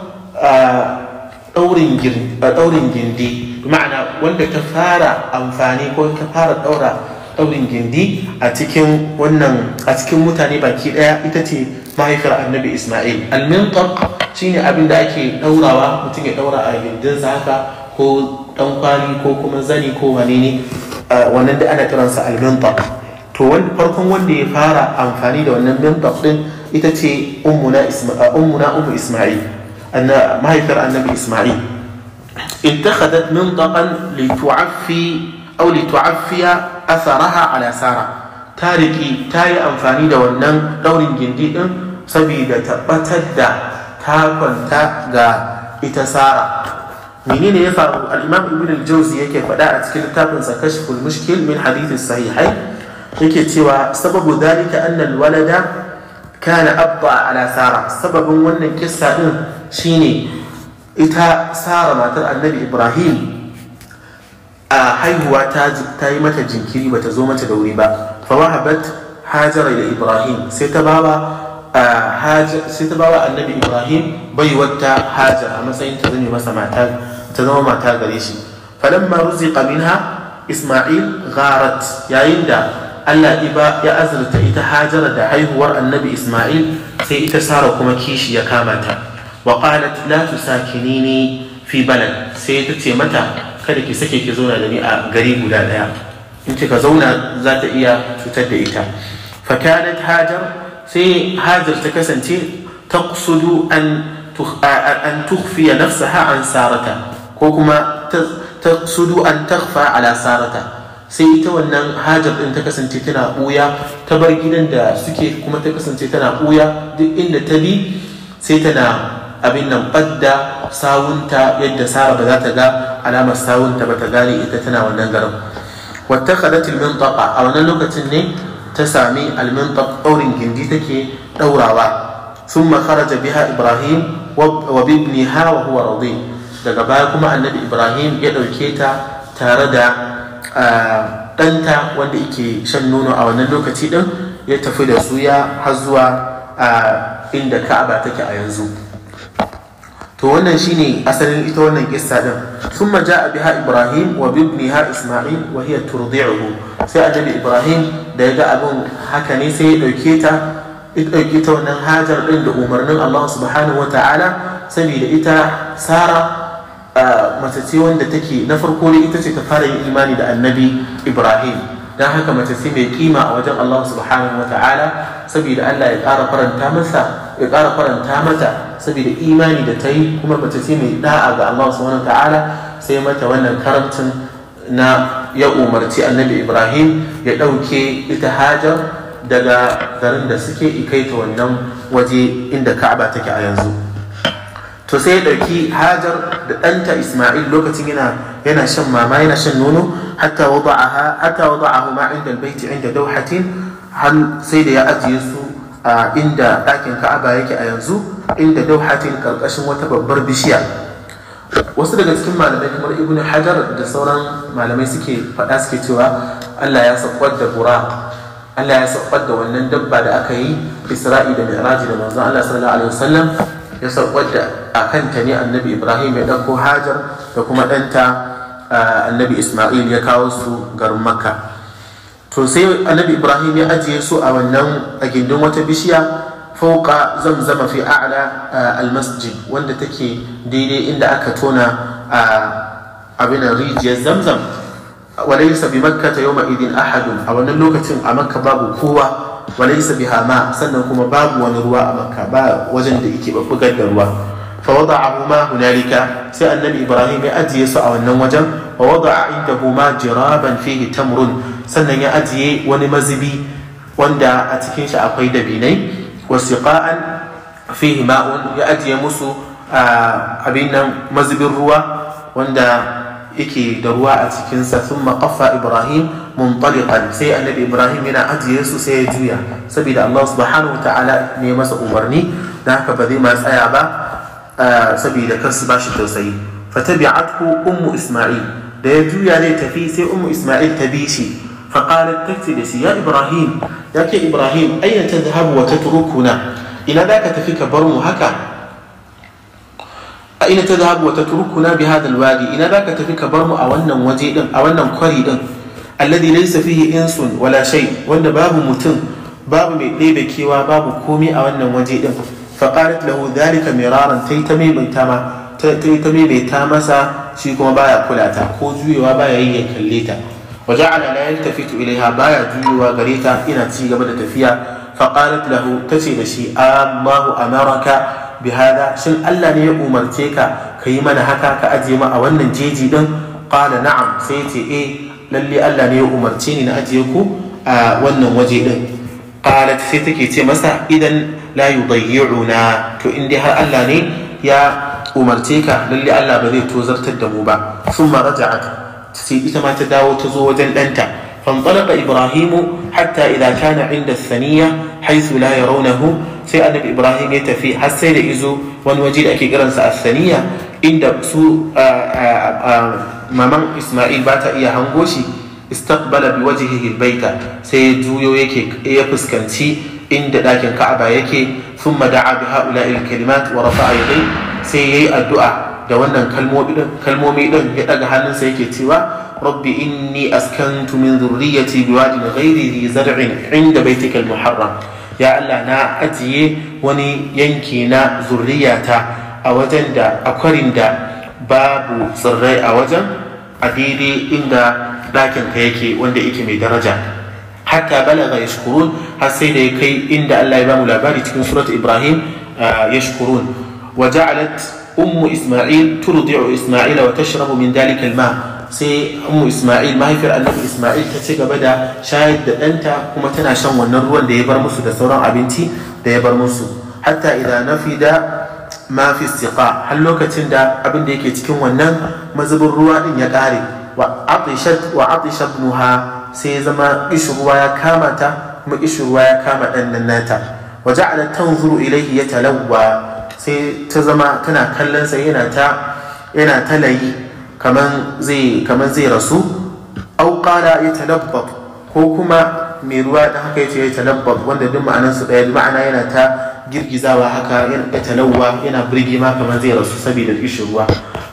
daurin ah, gindi ma'ana wanda ta fara amfani ko ta fara daura ɗaurin gindi a cikin wannan a cikin mutane baki ɗaya ita ce mahaifiyar annabi isma'il almintab shine abin da ake ɗaurawa mutum ya ɗaura a gindinsa haka ko ɗan kwali ko kuma zani ko wani ne wannan da ana kiransa almintab to farkon wanda ya fara amfani da wannan mintab ɗin ita ce ummuna ummu isma'il mahaifiyar annabi isma'il اتخذت منطقا لتعفي aw li tu'affiya atharaha ala sara ta ta yi amfani da wannan daurin gindi din saboda tabbatar da ta kwanta ga ita sara menene ya faru al-imam ibn al-jawzi yake faɗa a cikin littafin sa kashful mushkil min hadith sahihai yake cewa sababu dalika anna al-walada kana abba ala sara sababin wannan kissa din shine ita sara matar annabi ibrahim a haihuwa ta yi mata jinkiri bata zo mata da wuri ba fawahabat hajara da ibrahim sai ta bawa sai ta bawa annabi ibrahim bai wata hajar a matsayin ta zama masa mata ta zama mata gare shi falamma ruziqa minha isma'il gharat yayin da Allah iba ya azurta ita hajara da haihuwar annabi Ismail sai ita Sara kuma kishi ya kama ta wa qalat la tusakinini fi balad sai ta ce mata kada ki sake ki zauna da ni a gari guda daya in ka zauna za ta iya cutar da ita fakanat hajar sai hajar ta kasance taqsudu an an tukhfiya nafsaha an sarata ko kuma kusudu an takfa ala sarata sai ita wannan hajar din ta kasance tana ɓuya ta bar gidan da suke kuma ta kasance tana ɓuya duk inda ta bi sai tana abin nan fadda sawunta yadda sara ba za ta ga alamar sawunta ba ta gane ita tana wannan garin wata kadatil mintaqa a wannan lokacin ne ta sami almintaq daurin gindi take daurawa ثم Ibrahim wa إبراهيم wa huwa radi daga baya kuma annabi ibrahim ya ɗauke ta tare da ɗanta wanda yake shan nono a wannan lokaci ɗin ya tafi da su ya har zuwa inda ka'aba take a yanzu to wannan shine asalin ita wannan kissa din maja a biha ibrahim wa bibniha isma'il wa hiya turdi'uhu sai jabi ibrahim da ya ga abin haka ne sai ya ɗauke ta ita ta wannan hajar ɗin da umarnin Allah subhanahu ta'ala saboda ita sara mace ce wanda take na farko ne ita ce ta fara yin imani da annabi ibrahim dan haka mace ce mai kima a wajen Allah subhanahu ta'ala saboda Allah ya ƙara faranta masa ya ƙara faranta mata saboda imani da ta yi kuma mace ce mai da'a ga Allah subhanahu ta'ala sai mata wannan karamcin na ya umarci annabi Ibrahim ya ɗauke ita hajar daga garin da suke ikai ta wannan waje inda Ka'aba take a yanzu to sai ya ɗauki hajar da ɗanta Ismail lokacin yana yana shan mama yana shan nono hatta wada'aha hatta wada'ahu ma inda albayti inda dauhatin har sai da ya ajiye su a inda ɗakin ka'aba yake a yanzu inda dauhatin karkashin wata babbar bishiya wasu daga cikin malamai kamar ibn hajar da sauran malamai suke faɗa suke cewa allah ya saukar da bura allah ya saukar da wannan dabba da aka yi isra'i da mi'raji da manzon allah sallallahu alaihi wasallam ya saukar da a kanta ne annabi ibrahim ya ɗauko hajar da kuma ɗanta annabi isma'il ya kawo su garin makka to sai annabi ibrahim ya ajiye su a wannan a gindin wata bishiya fauka zamzama fi a'la almasjid wanda take daidai inda aka tona a abin rijiyar zamzam walaysa bi makkata yawma idin ahadun a wannan lokacin a makka babu kowa وليس بها ماء سنن كما باب ونروى مكة باب وجن ديكي ببقى sai Annabi Ibrahim ya ajiye su a wannan wajen. wa wada'a indahu ma jiraban fihi tamrun sannan ya ajiye wani mazubi wanda a cikin shi akwai dabinai wa siqa'an fihi ma'un ya ajiye musu abin nan mazubin ruwa wanda yake da ruwa a cikin sun maƙafa ibrahim muntaliqan sai annabi ibrahim yana ajiye su sai ya juya saboda allah subhanahu ne masa umarni da haka ba zai ma tsaya ba saboda kansu ba shi tausayi fatabi'athu ummu isma'il da ya juya zai tafi sai umu isma'il ta bi shi faƙalar taksi da shi ya ibrahim ya ke ibrahim ayyanta ta zahabu wata turukuna ina za ka tafi ka bar mu haka a ina ta zahabu wata turukuna bi hadal wadi ina za ka tafi ka bar mu a wannan waje din a wannan kwari din alladhi laysa fihi insun wala shay wanda babu mutum babu mai ɗebe kewa babu komi a wannan waje din faqalat lahu dhalika miraran mai bai tama ta ta masa shi kuma baya kulata ko juyewa baya yin ya kalle ta wa ja'ala la yaltafitu ilaiha baya juyewa gareta ina ci gaba da tafiya fa qalat lahu tace da shi Allahu amaraka bi hada shin Allah ne ya umarce ka ka yi mana haka ka ajiye mu a wannan jeji din qala na'am sai ce eh lalle Allah ne ya umarce ni na ajiye ku a wannan waje din qalat sai take ce masa idan la yudayyi'una to in dai har Allah ne ya umarce ka lalle Allah ba zai tozartar da mu ba sun ma raja'at sai ita ma ta dawo ta zo wajen ɗanta فانطلق إبراهيم حتى إذا كان عند الثانية حيث لا يرونه سي أن إبراهيم يتفي حسي لإزو ونوجد أكي قرنس الثانية عند سو ممن إسماعيل بات إيا هنغوشي استقبل بوجهه البيت سي جويو يكي يفس كنتي عند لكن كعبة يكي ثم دعا بهؤلاء الكلمات ورفع يديه sai ya yi addu'a da wannan kalmomi ɗin ya ɗaga hannunsa yake cewa rabbi inni askantu min zurriyati biwadin ghairi zar'in inda baitikal muharram ya Allah na ajiye wani yanki na zurriyata a wajen da a kwarin da babu tsirrai a wajen a daidai inda ɗakinka yake wanda yake mai daraja hatta balaga yashkurun har sai da ya kai inda Allah ya bamu labari cikin surat Ibrahim ah, ya shukurun وجعلت أم إسماعيل ترضع إسماعيل وتشرب من ذلك الماء sai ummu isma'il mahaifiyar annabi isma'il ta ci gaba da shayar da ɗanta kuma tana shan wannan ruwan da ya bar musu da sauran abinci da ya bar musu hatta idan nafida ma fi siqa har lokacin da abin da yake cikin wannan mazubin ruwa din ya ƙare wa atishat wa atishat nuha sai ya zama kishin ya kama ta kuma kishin ya kama ɗan nan nata wa ja'alat tanzuru ilayhi yatalawwa sai ta zama tana sa yana ta yana talayi kaman zai kaman zai rasu au qala yatalabbab ko kuma mai ruwa da haka yace yatalabbab wanda duk ma'anar su daya ma'ana yana ta girgizawa haka yana talawwa yana birge ma kaman zai rasu saboda kishin ruwa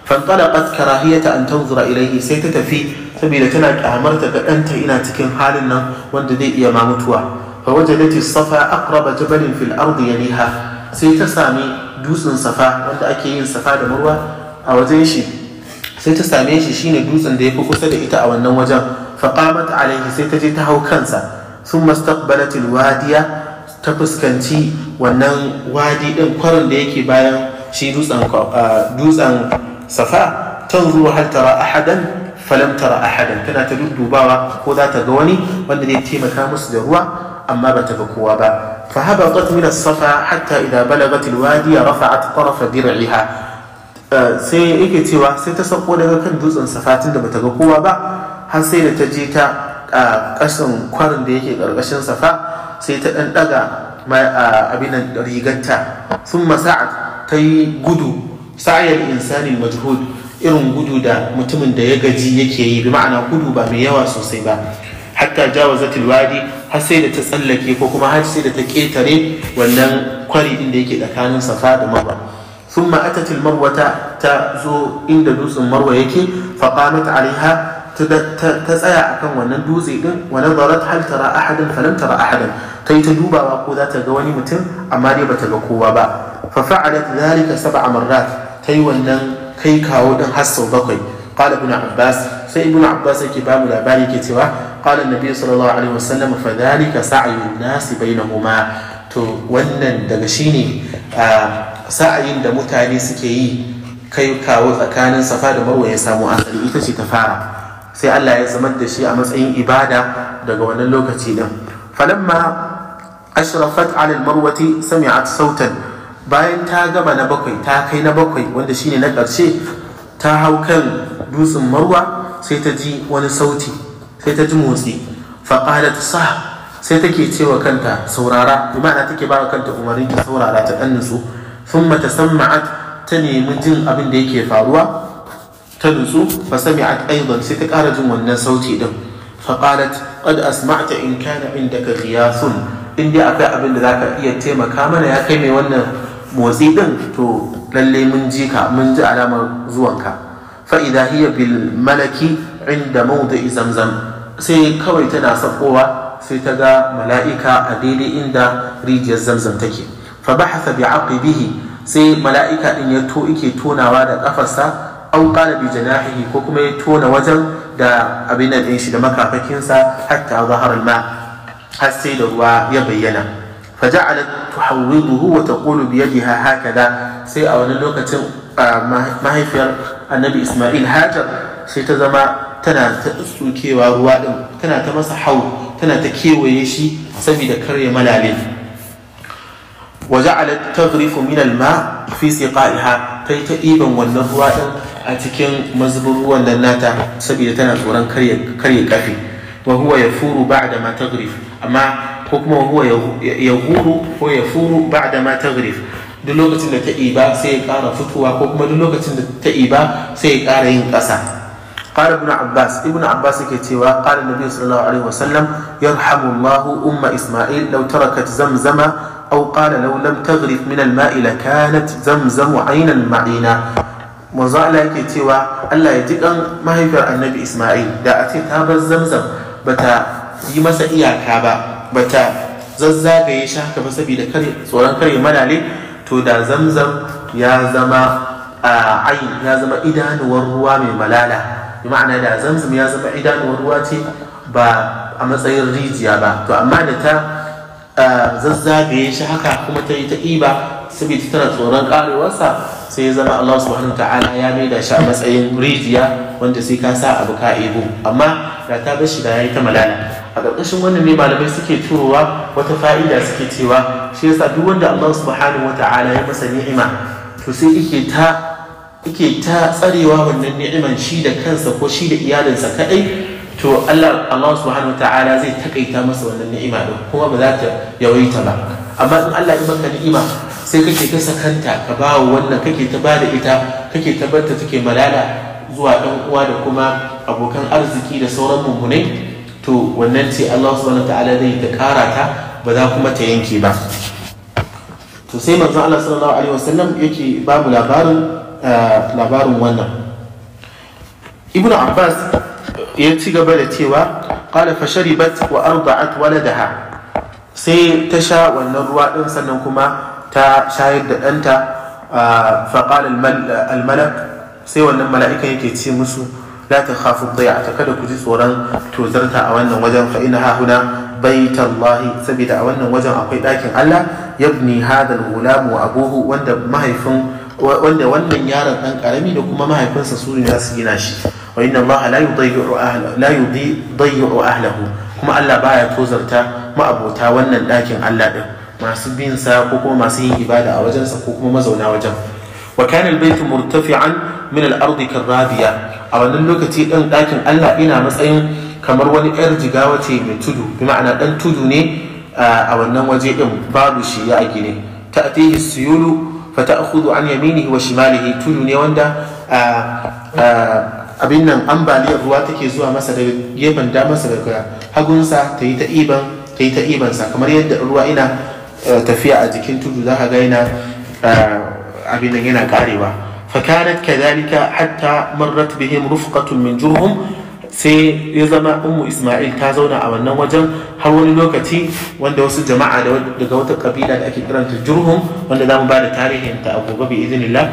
fantalaqat karahiyata an tanzura ilayhi sai ta tafi saboda tana kyamarta ga ɗanta ina cikin halin nan wanda zai iya ma mutuwa fa wajadati safa aqraba jabalin fil ardi yaliha sai ta sami dutsen safa wanda ake yin safa da murwa a wajen shi sai ta same shi shine dutsen da ya fi kusa da ita a wannan wajen faqamat alaihi sai ta je ta hau kansa sun mastaqbalat alwadiya ta fuskanci wannan wadi din kwarin da yake bayan shi dutsen dutsen safa tanzu hal tara ahadan falam tara ahadan tana ta dudubawa ko za ta ga wani wanda zai taimaka musu da ruwa amma ba ta ga kowa ba فهبطت من الصفا حتى إذا بلغت الوادي رفعت طرف درعها sai yake cewa sai ta sauko daga kan dutsen safatin da bata ga kowa ba har sai da ta je ta a ƙasan kwarin da yake ƙarƙashin safa sai ta ɗan ɗaga abin rigarta sun masa'ad ta yi gudu sa'ayar insani majhud irin gudu da mutumin da ya gaji yake yi bi ma'ana gudu ba mai yawa sosai ba hatta jawazatil wadi har sai da ta tsallake ko kuma har sai da ta ƙetare wannan kwari inda yake tsakanin safa da marwa sun atat marwata ta zo inda dutsen marwa yake faqamat alaiha ta tsaya akan wannan dutse din wa nazarat hal tara ahadin falam tara ahadan ta yi ta dubawa ko za ta ga wani mutum amma dai bata ga kowa ba fa fa'alat dhalika sab'a marrat ta yi wannan kai kawo din har sau bakwai qala abbas sai ibn abbas yake ba mu labari yake cewa qala annabi sallallahu alaihi wasallam fa dhalika sa'yun nas bainahuma to wannan daga shine sa'ayin da mutane suke yi kai kawo tsakanin safa da marwa ya samu asali ita ce ta fara sai Allah ya zama da shi a matsayin ibada daga wannan lokaci din falamma ashrafat ala marwati sami'at sautan bayan ta gama na bakwai ta kai na bakwai wanda shine na ƙarshe ta hau kan dutsen marwa sai ta ji wani sauti sai ta ji motsi faƙalat sa sai take cewa kanta saurara imana take ba kanta umarni ta saurara ta ɗan nutsu sun mata samma'at ta nemi jin abin da yake faruwa ta nutsu fa sami'at aidan sai ta ƙara jin wannan sauti ɗin faƙalat qad asma'ta in kana indaka ghiyasun in dai akwai abin da zaka iya taimaka mana ya kai mai wannan motsi din to lalle mun ji ka mun ji alamar zuwanka fa'ida hiya bil malaki inda mawdi zamzam sai kawai tana saƙowa sai ta ga mala'ika a daidai inda rijiyar zamzam take fa bahatha bi bihi sai mala'ika ɗin ya to tonawa da ƙafarsa aw qala bi janahihi ko kuma ya tona wajen da abin nan din shi da makafakinsa hatta zahara ma har sai da ruwa ya bayyana فجعلت تحوضه وتقول بيدها هكذا سي sai a ما هي في annabi ismail hajar sai ta zama tana ta tsukewa ruwa din tana ta masa hau tana ta kewaye shi saboda kar ya malale wa ja'alat min ma fi siqaiha tai ta iban wannan ruwa din a cikin mazubin ruwan nan nata saboda tana tsoron kar ya kar ya kafe wa huwa yafuru ba'da ma taghrif amma ko kuma huwa yahuru ko yafuru ba'da ma taghrif duk lokacin da ta iba sai ya ƙara fitowa ko kuma duk lokacin da ta iba sai ya kara yin ƙasa qala ibn abbas ibn abbas yake cewa qala nabi sallallahu alaihi wasallam yarhamu allah umma isma'il law tarakat zamzama aw qala law lam taghriq min al-ma'i lakanat zamzam 'aynan ma'ina manzo Allah yake cewa Allah ya ji kan mahaifiyar annabi isma'il da a ce ta bar zamzam bata yi masa iyaka ba bata zazzagaye shi haka ba saboda tsoron kare malale to da zamzam ya zama ayin ya zama idanuwar ruwa mai malala bi ma'ana da zamzam ya zama idanuwar ruwa ce ba a matsayin rijiya ba to amma da ta ya shi haka kuma ta yi ta iba saboda tana tsoron karewarsa sai ya zama Allah subhanahu ta'ala ya mai da shi a matsayin rijiya wanda sai ka sa abu ka ebo amma da ta bar shi da yi ta malala a ƙarƙashin wannan ne malamai suke turowa wata fa'ida suke cewa shi yasa duk wanda Allah subhanahu wata'ala ya masa ni'ima to sai yake ta yake ta tsarewa wannan ni'iman shi da kansa ko shi da iyalinsa kadai to Allah Allah subhanahu wata'ala zai takaita masa wannan ni'ima din kuma ba za ta yawaita ba amma in Allah ya maka ni'ima sai kake ta sakanta ka ba wannan kake ta bada ita kake ta barta take malala zuwa ɗan uwa da kuma abokan arziki da sauran mummunai to wannan ce Allah subhanahu wata'ala zai ta ƙara ta ba za kuma ta yanke ba to sai manzo Allah sallallahu alaihi wasallam yake babu labarin eh, labarin wannan ibnu abbas ya ci gaba da cewa qala fa sharibat wa arda'at waladaha sai ta sha wannan ruwa din sannan kuma ta shayar da ɗanta eh, fa qala al eh, malak sai wannan mala'ika yake ce musu la ta khafu dhai'ata kada ku ji tsoron tozarta a wannan wajen fa ina hahuna baitallahi saboda a wannan wajen akwai ɗakin Allah yabni hadal gulamu wa abuhu wanda mahaifin wanda wannan yaron ɗan ƙarami da kuma mahaifinsa su ne su gina shi wa inna Allah la yudayyi'u ahlahu kuma Allah baya tozarta ma'abota wannan ɗakin Allah ɗin masu bin sa ko kuma masu yin ibada a sa ko kuma mazauna wajen wa kana albayt murtafi'an min al-ardi karabiya a wannan lokaci ɗan ɗakin Allah ina matsayin kamar wani yar jigawa ce mai tudu bi ma'ana dan tudu ne a wannan waje din babu shi ya a gine ta'tihi suyulu fa ta'khudhu an yaminihi wa shimalihi tudu ne wanda abin nan ambaliyar ruwa take zuwa masa daga gefen sa daga hagunsa ta yi ta yi ta ibansa kamar yadda ruwa ina tafiya a jikin tudu za ka ga yana abin nan yana karewa فكانت kadalika hatta marrat bihim rufqatun min جرهم sai ya zama ummu isma'il ta zauna a wannan wajen har wani lokaci wanda wasu jama'a daga wata kabila da ake kiranta jurhum wanda za mu ba da tarihin ta a gobe bi izinillah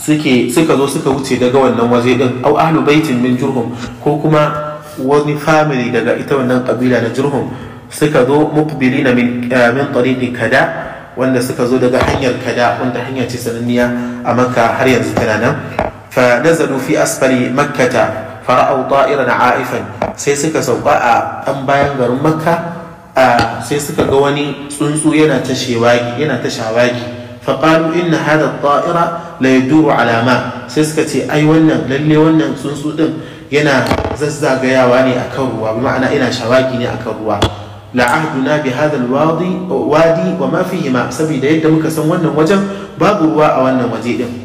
suke suka zo suka wuce daga wannan waje din au ahlu baitin min jurhum ko kuma wani famili daga ita wannan kabila na jurhum suka zo muqbilina min min tariqi kada wanda suka zo daga hanyar kada wanda hanyar ce sananniya a maka har yanzu tana nan makkata farau أسفل مكة sai طائرا sauka a سوقاء bayan garin makka sai suka ga wani tsuntsu yana ta shewagi yana ta shawagi faƙalu inna hada ta'ira la alama sai suka ce ai wannan lalle wannan tsuntsu din yana zazzagayawa ne akan ruwa bi ma'ana ina shawagi ne akan ruwa la ahduna bi wadi wa ma fihi ma saboda yadda muka san wannan wajen babu ruwa a wannan waje din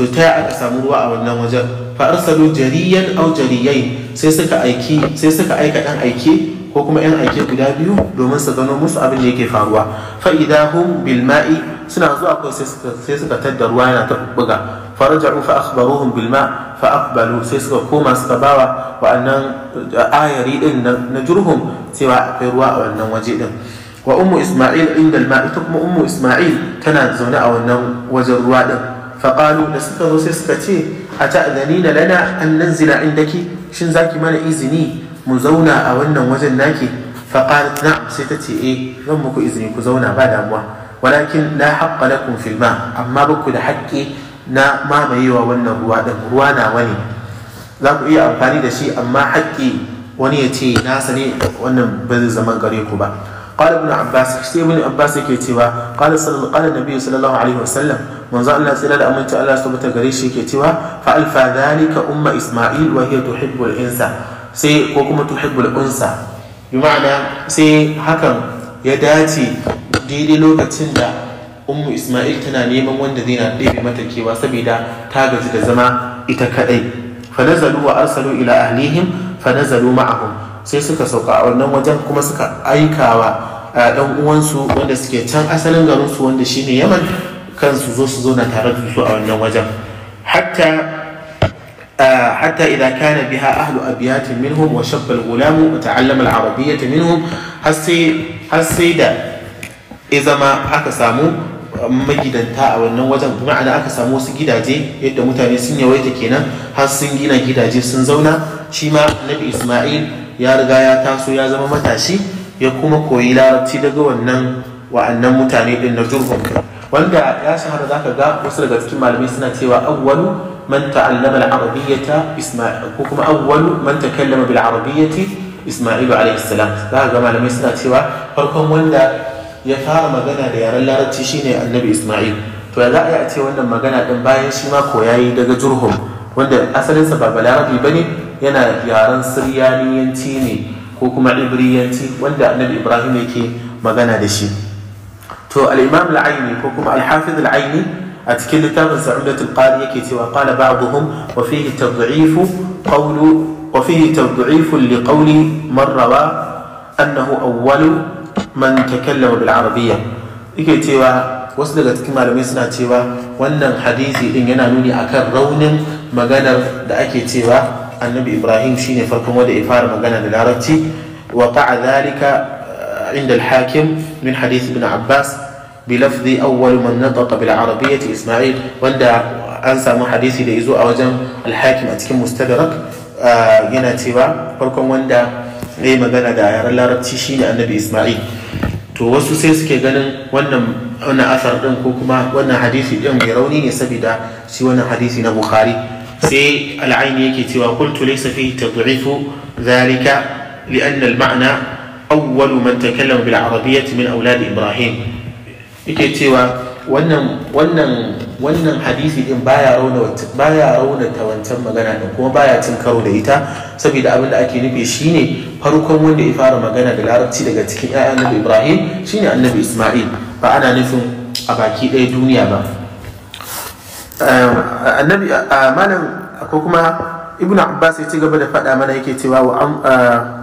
to ta aka samu ruwa a wannan wajen fa arsalu jariyan aw jariyai sai suka aiki sai suka aika dan aiki ko kuma yan aiki guda biyu domin su gano musu abin da yake faruwa fa idahum bil ma'i suna zuwa kai sai suka sai suka tadda ruwa yana ta bubbuga faraja'u fa akhbaruhum bil ma' fa aqbalu sai suka koma suka bawa wa'annan eh, ayari din na jurhum cewa akwai ruwa a wannan waje din wa ummu isma'il inda al ma'i ita kuma ummu isma'il tana zaune a wannan wajen ruwa din faƙalu da suka zo sai suka ce a ta'adani na lana an nan zina indaki shin zaki mana izini mu zauna a wannan wajen naki faƙal na sai ta ce eh zan muku izini ku zauna ba damuwa walakin la haqqa lakum fil ma amma baku da haƙƙi na mamayewa wannan ruwa da ruwa na wani. za ku iya amfani da shi amma haƙƙi wani ya ce na ne wannan ba zai zama gare ku ba قال ابن عباس ابن عباس يكتب قال صلى الله عليه وسلم manzo Allah sai da aminci Allah su tabbata gare shi ke cewa fa alfa dhalika umma isma'il wa hiya tuhibbul insa sai ko kuma tuhibbul unsa bi ma'ana sai hakan ya dace daidai lokacin da ummu isma'il tana neman wanda zai na ɗebe mata kewa saboda ta gaji da zama ita kadai fa nazalu wa arsalu ila ahlihim fa nazalu ma'ahum sai suka sauka a wannan wajen kuma suka aikawa eh, ɗan uwansu wanda suke can asalin garinsu wanda shine yaman kansu zo su zauna tare da su a wannan wajen hatta idan إذا كان بها أهل أبيات منهم وشب الغلام وتعلم العربية منهم هسي هسي دا إذا ما أكسامو magidanta a wannan wajen kuma ana aka samu wasu gidaje yadda mutane sun yawaita kenan har sun gina gidaje sun zauna shi ma nabi isma'il ya riga ya taso ya zama matashi ya kuma koyi larabci daga wannan wa'annan mutane din na jurhum wanda ya shahara za ka ga wasu daga cikin malamai suna cewa awwalu man ta'allama al-arabiyyata isma'il ko kuma awwalu man takallama bil arabiyyati isma'ilu alayhi salam za ka ga malamai suna cewa farkon wanda ya fara magana da yaren larabci shine annabi isma'il to ya za a yi a ce wannan magana din bayan shi ma koya yi daga jurhum wanda asalinsa ba balarabi ba ne yana yaren siryaniyanci ne ko kuma ibriyanci wanda annabi ibrahim yake magana da shi to al-imam ko kuma al-hafiz a cikin littafin sa'udatul qari yake cewa qala ba wa fihi tad'ifu tabdu'ifu li kauli marrawa annahu awwalu man takallama bil arabiyya yake cewa wasu daga cikin malamai suna cewa wannan hadisi din yana nuni akan raunin maganar da ake cewa annabi ibrahim shine farkon wanda ya fara magana da larabci wa qa'a zalika عند الحاكم من حديث ابن عباس بلفظ أول من نطق بالعربية إسماعيل hadisi أنسى من a wajen أوجم الحاكم أتكم مستدرك yana cewa farkon wanda ya magana da yaren larabci shine annabi ismail to wasu sai suke ganin wannan wannan asar din ko kuma wannan hadisi din mai rauni ne saboda shi wannan hadisi na bukhari sai al'aini yake cewa qultu laysa fihi tad'ifu dhalika li'anna al-ma'na awwalu man takallama bil arabiyyati min aulad ibrahim yake cewa wannan wannan wannan hadisi din baya rauna baya rauna ta wancan magana din kuma baya cin karo da ita saboda abin da ake nufi shine farkon wanda ya fara magana da larabci daga cikin ƴaƴan Annabi Ibrahim shine Annabi Isma'il ba ana nufin a baki ɗaya duniya ba ehm, annabi malam ko kuma ibnu abbas ya ci gaba da faɗa mana yake cewa wa eh,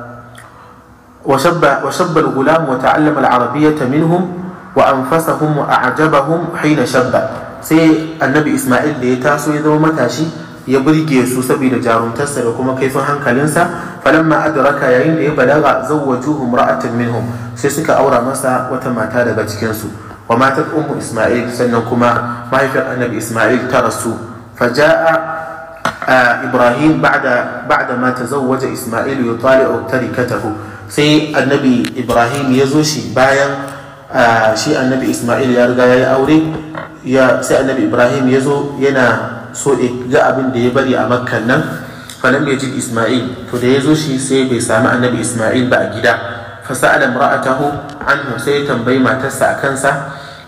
وسب, وسب الغلام وتعلم العربية منهم وأنفسهم وأعجبهم حين شب sai annabi ismail da ya taso ya zama matashi ya burge su saboda jarumtarsa da kuma kaifin hankalinsa falamma adraka yayin da ya balaga zawwajuhum ra'atan minhum sai suka aura masa wata mata daga cikin su wa matat ummu isma'il sannan kuma mahaifiyar annabi isma'il ta rasu faja'a ibrahim ba'da ba'da ma tazawwaja isma'il yutali'u tarikatahu sai annabi ibrahim ya zo shi bayan shi annabi ismail ya riga ya yi aure sai annabi ibrahim ya zo yana so ga abin da ya bari a makkan nan falam yajid isma'il to da ya zo shi sai bai sami annabi isma'il ba a gida fasa'ala imra'atahu anhu sai ya tambayi matarsa a kansa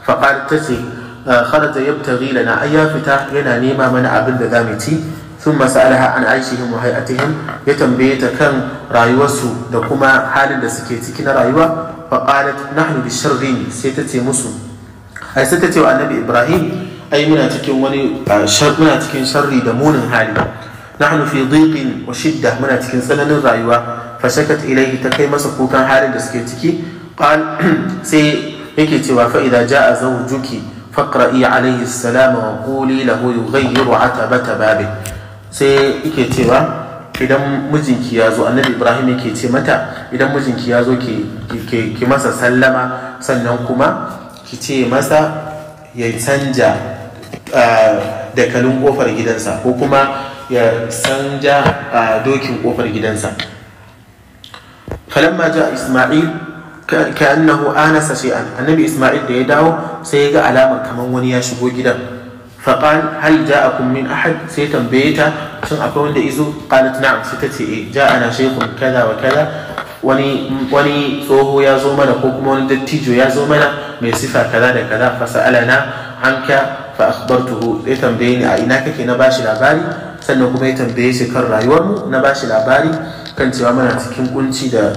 fa qalat tace kharaja yabtaghi lana ayya fita yana nema mana abin da zamu ci ثم سألها عن عيشهم وهيئتهم يتنبيت كان رايوسو دكما حال دسكيتكين رايوة فقالت نحن بالشرغين سيتتي مسو أي ستتي النبي إبراهيم أي منا تكين وني شر منا تكين شري دمون حالي نحن في ضيق وشدة منا تكين سنن رايوة فشكت إليه تكيما سكوكا حال دسكيتكي قال سي yake cewa fa'ida ja a zaujuki faƙra'i alaihi salama wa ƙuli lahu yughayyiru atabata babe sai yake cewa idan mijinki ya zo annabi ibrahim ke ce mata idan mijinki ya zo ki masa sallama sannan kuma ki ce masa ya canja dakalin kofar gidansa ko kuma ya canja dokin kofar gidansa falamma ja isma'il ka annahu anasa shay'an annabi isma'il da ya dawo sai ya ga alamar kamar wani ya shigo gidan faƙal hal a kummin ahad sai tambaye ta shin akwai wanda izo qalat na'am sai ta ce eh ana shekun kaza wa kaza wani wani tsoho ya zo mana ko kuma wani dattijo ya zo mana mai sifa kaza da kaza fa sa'alana anka fa akhbartuhu ya tambaye ni a ina kake na bashi labari sannan kuma ya tambaye shi kan mu na bashi labari kan cewa muna cikin kunci da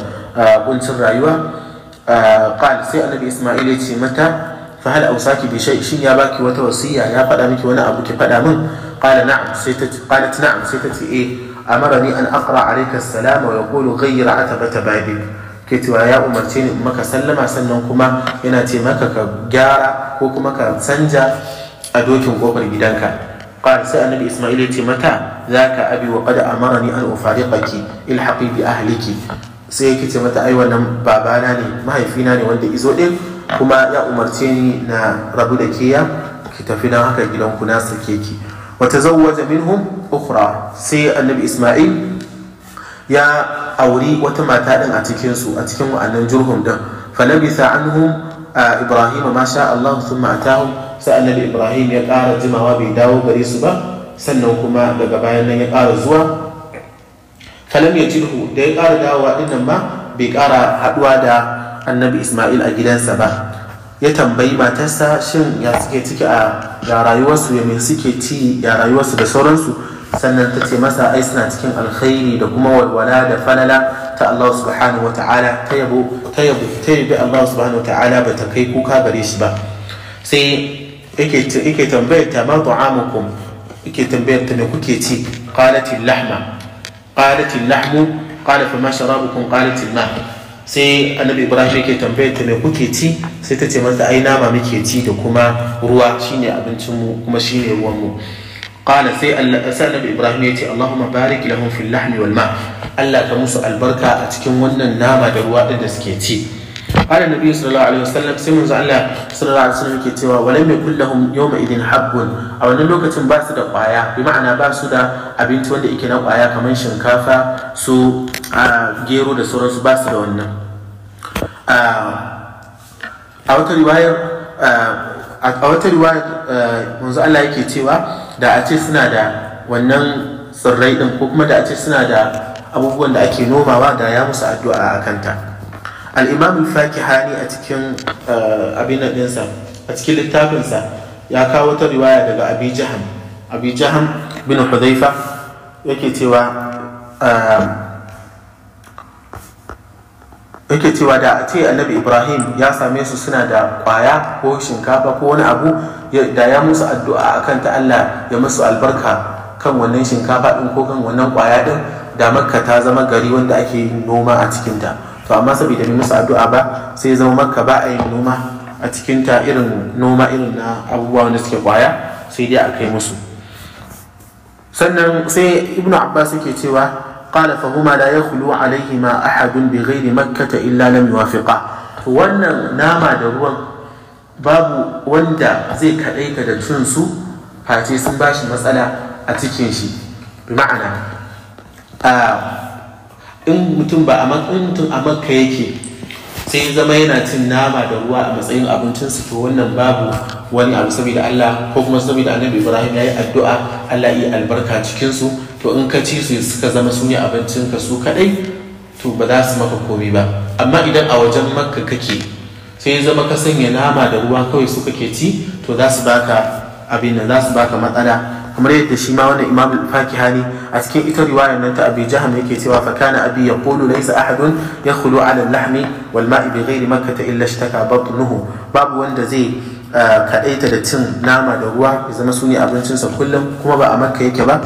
kuncin rayuwa sai سي Isma'il ya ce mata. fa hal awsaki bi shay shin ya baki wata wasiya ya faɗa miki wani abu ki faɗa min qala na'am sai ta qalat na'am sai ta ce eh amarani an aqra alayka as-salama wa yaqulu ghayyir atabata babik ke cewa ya umarce ni maka sallama sannan kuma yana ce maka ka gyara ko kuma ka canja a dokin kofar gidanka قال سأل النبي إسماعيل متى ذاك أبي وقد أمرني أن أفارقك الحقي بأهلك sai yake ce mata ai nan babana ne mahaifina ne wanda izo din kuma ya umarce ni na rabu da ke ya ki tafi don haka gidanku na sake ki wata zawwaja minhum ukhra sai annabi isma'il ya auri wata mata din a cikin su a cikin wa'annan jurhum din falabisa a ibrahim ma sha Allah thumma atahum sai annabi ibrahim ya ƙara jimawa bai dawo gare su ba sannan kuma daga bayan nan ya ƙara zuwa falam ya jirhu da ya ƙara dawowa ɗin nan ma bai ƙara haɗuwa da annabi ismail a gidansa ba ya tambayi matarsa shin ya suke ciki a ya rayuwarsu ya me suke ci ya rayuwarsu da sauransu sannan ta ce masa ai suna cikin alkhairi da kuma walwala da falala ta Allah subhanahu wata'ala ta yabo ta yabo ta yabi Allah subhanahu wata'ala ba ta kai kuka gare shi ba sai yake yake tambayar ta ma ta'amukum yake tambayar ta me kuke ci qalat lahma qalat lahmu qala fa ma sharabukum ma sai annabi ibrahim yake tambayar ta me kuke ci sai ta ce masa ai nama muke ci da kuma ruwa shine abincin mu kuma shine ruwan mu qala sai annabi ibrahim yace allahumma barik lahum fil lahmi wal ma Allah ka musu albarka a cikin wannan nama da ruwa din da suke ci قال النبي صلى الله عليه وسلم sai manzo Allah sallallahu alaihi wasallam yake cewa walam yakul lahum yawma idin habbun a wannan lokacin ba su da kwaya bi ma'ana ba su da abinci wanda yake na kwaya kamar shinkafa su gero da sauransu ba su da wannan a wata riwayar a wata riwayar manzo Allah yake cewa da a ce suna da wannan tsirrai din ko kuma da a ce suna da abubuwan da ake nomawa da ya musu addu'a a kanta al'imam faki hani a cikin eh, abin a cikin littafinsa ya kawo ta riwaya daga abijahan abijahan bin hudaifa yake cewa eh, cewa da a ce annabi ibrahim ya same su suna da kwaya ko shinkafa ko wani abu da ya musu addu'a akan ta allah ya musu albarka kan wannan shinkafa ɗin ko kan wannan kwaya ɗin da makka ta zama gari wanda ake noma a cikinta to amma saboda mai musu addu'a ba sai zama maka ba a yin noma a cikin ta irin noma irin na abubuwa wanda suke kwaya sai dai a kai musu sannan sai ibnu abbas yake cewa qala fa huma la yakhlu alayhi ma ahadun bi ghairi makkah illa lam yuwafiqa wannan nama da ruwan babu wanda zai kadai ka da cin su face sun bashi matsala a cikin shi bi ma'ana ah, in mutum ba a a makka yake sai zama yana cin nama da ruwa a matsayin abincinsa to wannan babu wani abu saboda Allah ko kuma saboda annabi Ibrahim ya yi addu'a Allah yi albarka cikinsu to in ka ci su suka zama su ne abincinka su kaɗai to ba za su maka komai ba amma idan a wajen makka kake sai zama ka sanya nama da ruwa kawai su kake ci to za su baka abin da za su baka matsala kamar yadda shi ma wannan imam al-fakihani a cikin ita riwayar nan ta abi jaham yake cewa fa ya abi yaqulu isa ahadun kulu ala al-lahmi wal ma'i bi ghairi makkah illa ishtaka batnuhu babu wanda zai eh, kaɗaita da cin nama da ruwa ya zama sune abincinsa kullum kuma ba a makka yake ba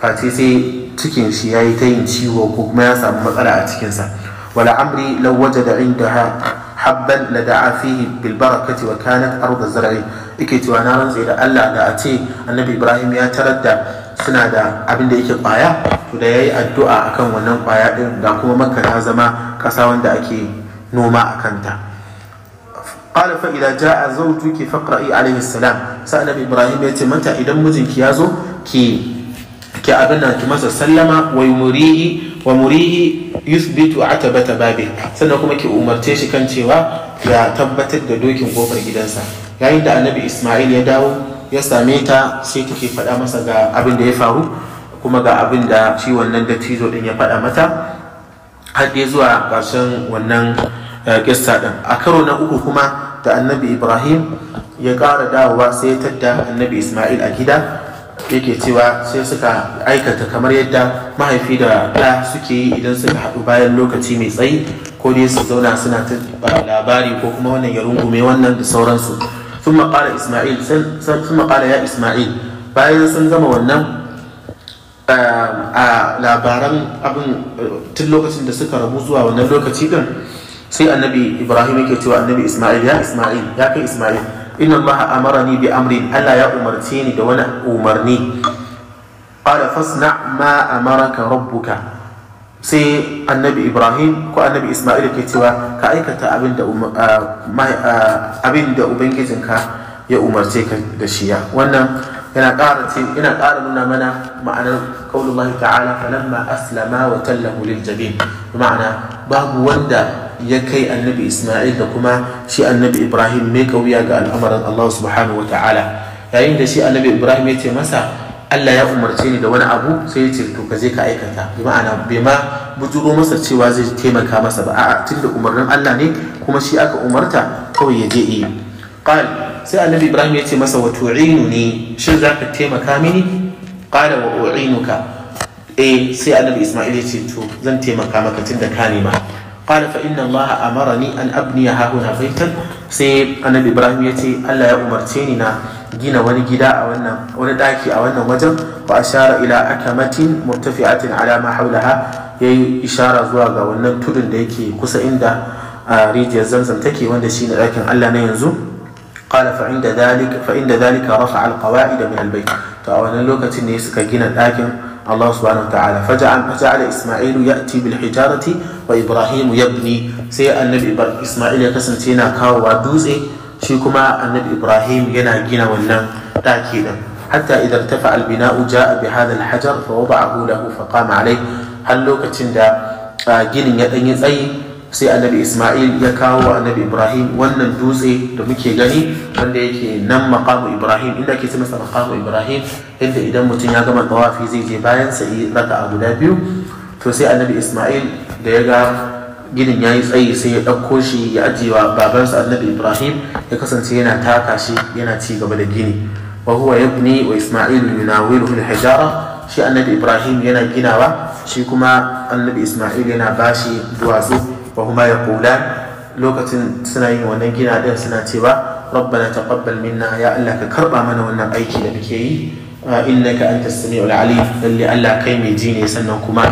face sai cikin shi yayi ta yin ciwo ko kuma ya samu matsala a cikinsa wala amri da wajada indaha habban la da'a fihi bil barakati wa kanat ardu zar'i yake cewa na rantse da Allah da a ce annabi Ibrahim ya tarar da suna da abin da yake kwaya to da yayi addu'a akan wannan kwaya din da kuma Makka ta zama kasa wanda ake noma a kanta قال فإذا جاء زوجك فقرئي عليه السلام سأل إبراهيم يتي متى إذا مزنك يازو كي كأبنا masa sallama ويمريه wa murihi yuthbitu atabata babi sannan kuma ki umarce shi kan cewa ya tabbatar da dokin kofar gidansa yayin da annabi isma'il ya dawo ya same ta sai take faɗa masa ga abin da ya faru kuma ga abin da shi wannan dattijo din ya faɗa mata har dai zuwa ƙarshen wannan eh, kissa din a karo na uku kuma da annabi ibrahim ya ƙara dawowa sai ya tadda annabi isma'il a gida yake cewa sai suka aikata kamar yadda mahaifi da ɗa suke yi idan suka haɗu bayan lokaci mai tsayi ko dai su zauna suna ta labari ko kuma wannan ya rungume wannan da sauransu sun maƙala isma'il sun ya isma'il bayan sun zama wannan eh, a labaran abin tun lokacin da suka rabu zuwa wannan lokaci din sai annabi ibrahim yake cewa annabi isma'il ya isma'il ya kai isma'il inna allaha amarani bi amri Allah ya umarce ni da wani umarni qala fasna ma amaraka rabbuka sai annabi ibrahim ko annabi isma'il ke cewa ka aikata ah, ah, abin da ubangijinka ya umarce ka da wannan yana ƙara ce yana ƙara nuna mana ma'anar kaulullahi ta'ala falamma aslama wa tallahu lil jabin ma'ana babu wanda ya kai annabi Isma'il da kuma shi annabi Ibrahim mai kauya ga al'amarin Allah subhanahu wa ta'ala yayin da shi annabi Ibrahim ya ce masa Allah ya umarce ni da wani abu sai ya ce to ka je ka aikata bi ma'ana bai ma bujuro masa cewa zai taimaka masa ba a'a tunda umarnin Allah ne kuma shi aka umarta kawai ya je yi sai annabi ibrahim ya ce masa wato tu'inu ne shin za ka taimaka mini qala wa ka eh sai annabi isma'il ya ce to zan taimaka maka tunda ka nema qala fa inna allaha amarani an abniya hahuna baitan sai annabi ibrahim ya ce allah ya umarce ni na gina wani gida a wannan wani daki a wannan wajen wa ashara ila akamatin murtafi'atin ala ma haulaha yayi ishara zuwa ga wannan tudun da yake kusa inda a rijiyar zamzam take wanda shine ɗakin allah na yanzu قال فعند ذلك فعند ذلك رفع القواعد من البيت فأولا لوكة نيسك جنا لكن الله سبحانه وتعالى فجعل فجعل إسماعيل يأتي بالحجارة وإبراهيم يبني سي النبي إسماعيل يكسن تينا كاو ودوزي شيكما النبي إبراهيم ينا جنا ونن تأكيدا حتى إذا ارتفع البناء جاء بهذا الحجر فوضعه له فقام عليه هل لوكة دا جن يدني sai annabi isma'il ya kawo wa annabi ibrahim wannan dutse da muke gani wanda yake nan makamu ibrahim inda ke sai masa makamu ibrahim inda idan mutum ya gama tsawafi zai je bayan sa yi a guda biyu to sai annabi isma'il da ya ga ginin ya yi tsayi sai ya ɗauko shi ya ajiyewa babansa annabi ibrahim ya kasance yana taka shi yana ci gaba da gini wa huwa yabni wa isma'il yunawilu al-hijara shi annabi ibrahim yana ginawa shi kuma annabi isma'il yana bashi duwatsu fa huma yaqulan lokacin suna yin wannan gina din suna cewa rabbana taqabbal minna ya Allah ka karba mana wannan aiki da muke yi innaka anta samiul alim lalle Allah kai mai ji ne sannan kuma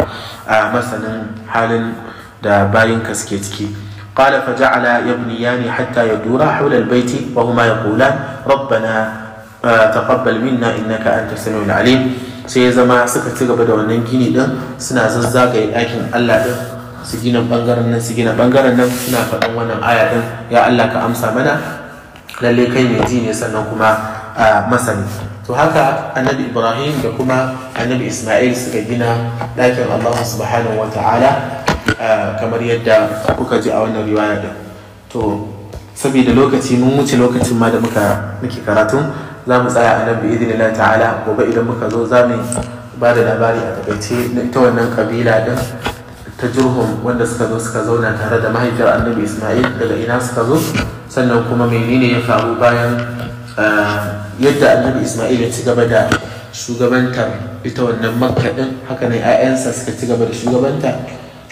a masanin halin da bayin ka suke ciki qala fa ja'ala yabniyani hatta yadura hawla albayti wa huma yaqulan rabbana taqabbal minna innaka anta samiul alim sai ya zama suka ci gaba da wannan gini din suna zazzagaye ɗakin Allah din su gina bangaren nan su gina bangaren nan suna faɗin wannan aya ya Allah ka amsa mana lalle kai mai ji ne sannan kuma masani to haka annabi ibrahim da kuma annabi isma'il suka gina ɗakin Allahu subhanahu wa ta'ala kamar yadda kuka ji a wannan riwaya da to saboda lokaci mun wuce lokacin ma da muka muke karatu za mu tsaya annabi idin bi ta'ala gobe idan muka zo za mu ba da labari a takaice ta wannan kabila din ta jurhum wanda suka zo suka zauna tare da mahaifiyar annabi ismail daga ina suka zo sannan kuma menene ya faru bayan eh, yadda annabi ismail ya ci gaba da shugabantar ita wannan makka din haka ne 'ya'yansa suka ci gaba da shugabanta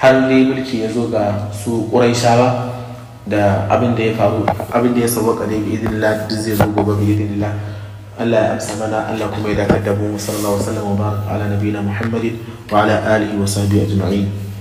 har ne mulki ya zo ga su shawa? da abin da ya faru abin da ya sauwaka ne bi idinillah duk zai zo gobe bi idinillah Allah ya amsa mana Allah kuma ya dakatar da mu sallallahu alaihi wa sallam wa baraka ala nabiyina Muhammadin wa ala alihi wa sahbihi ajma'in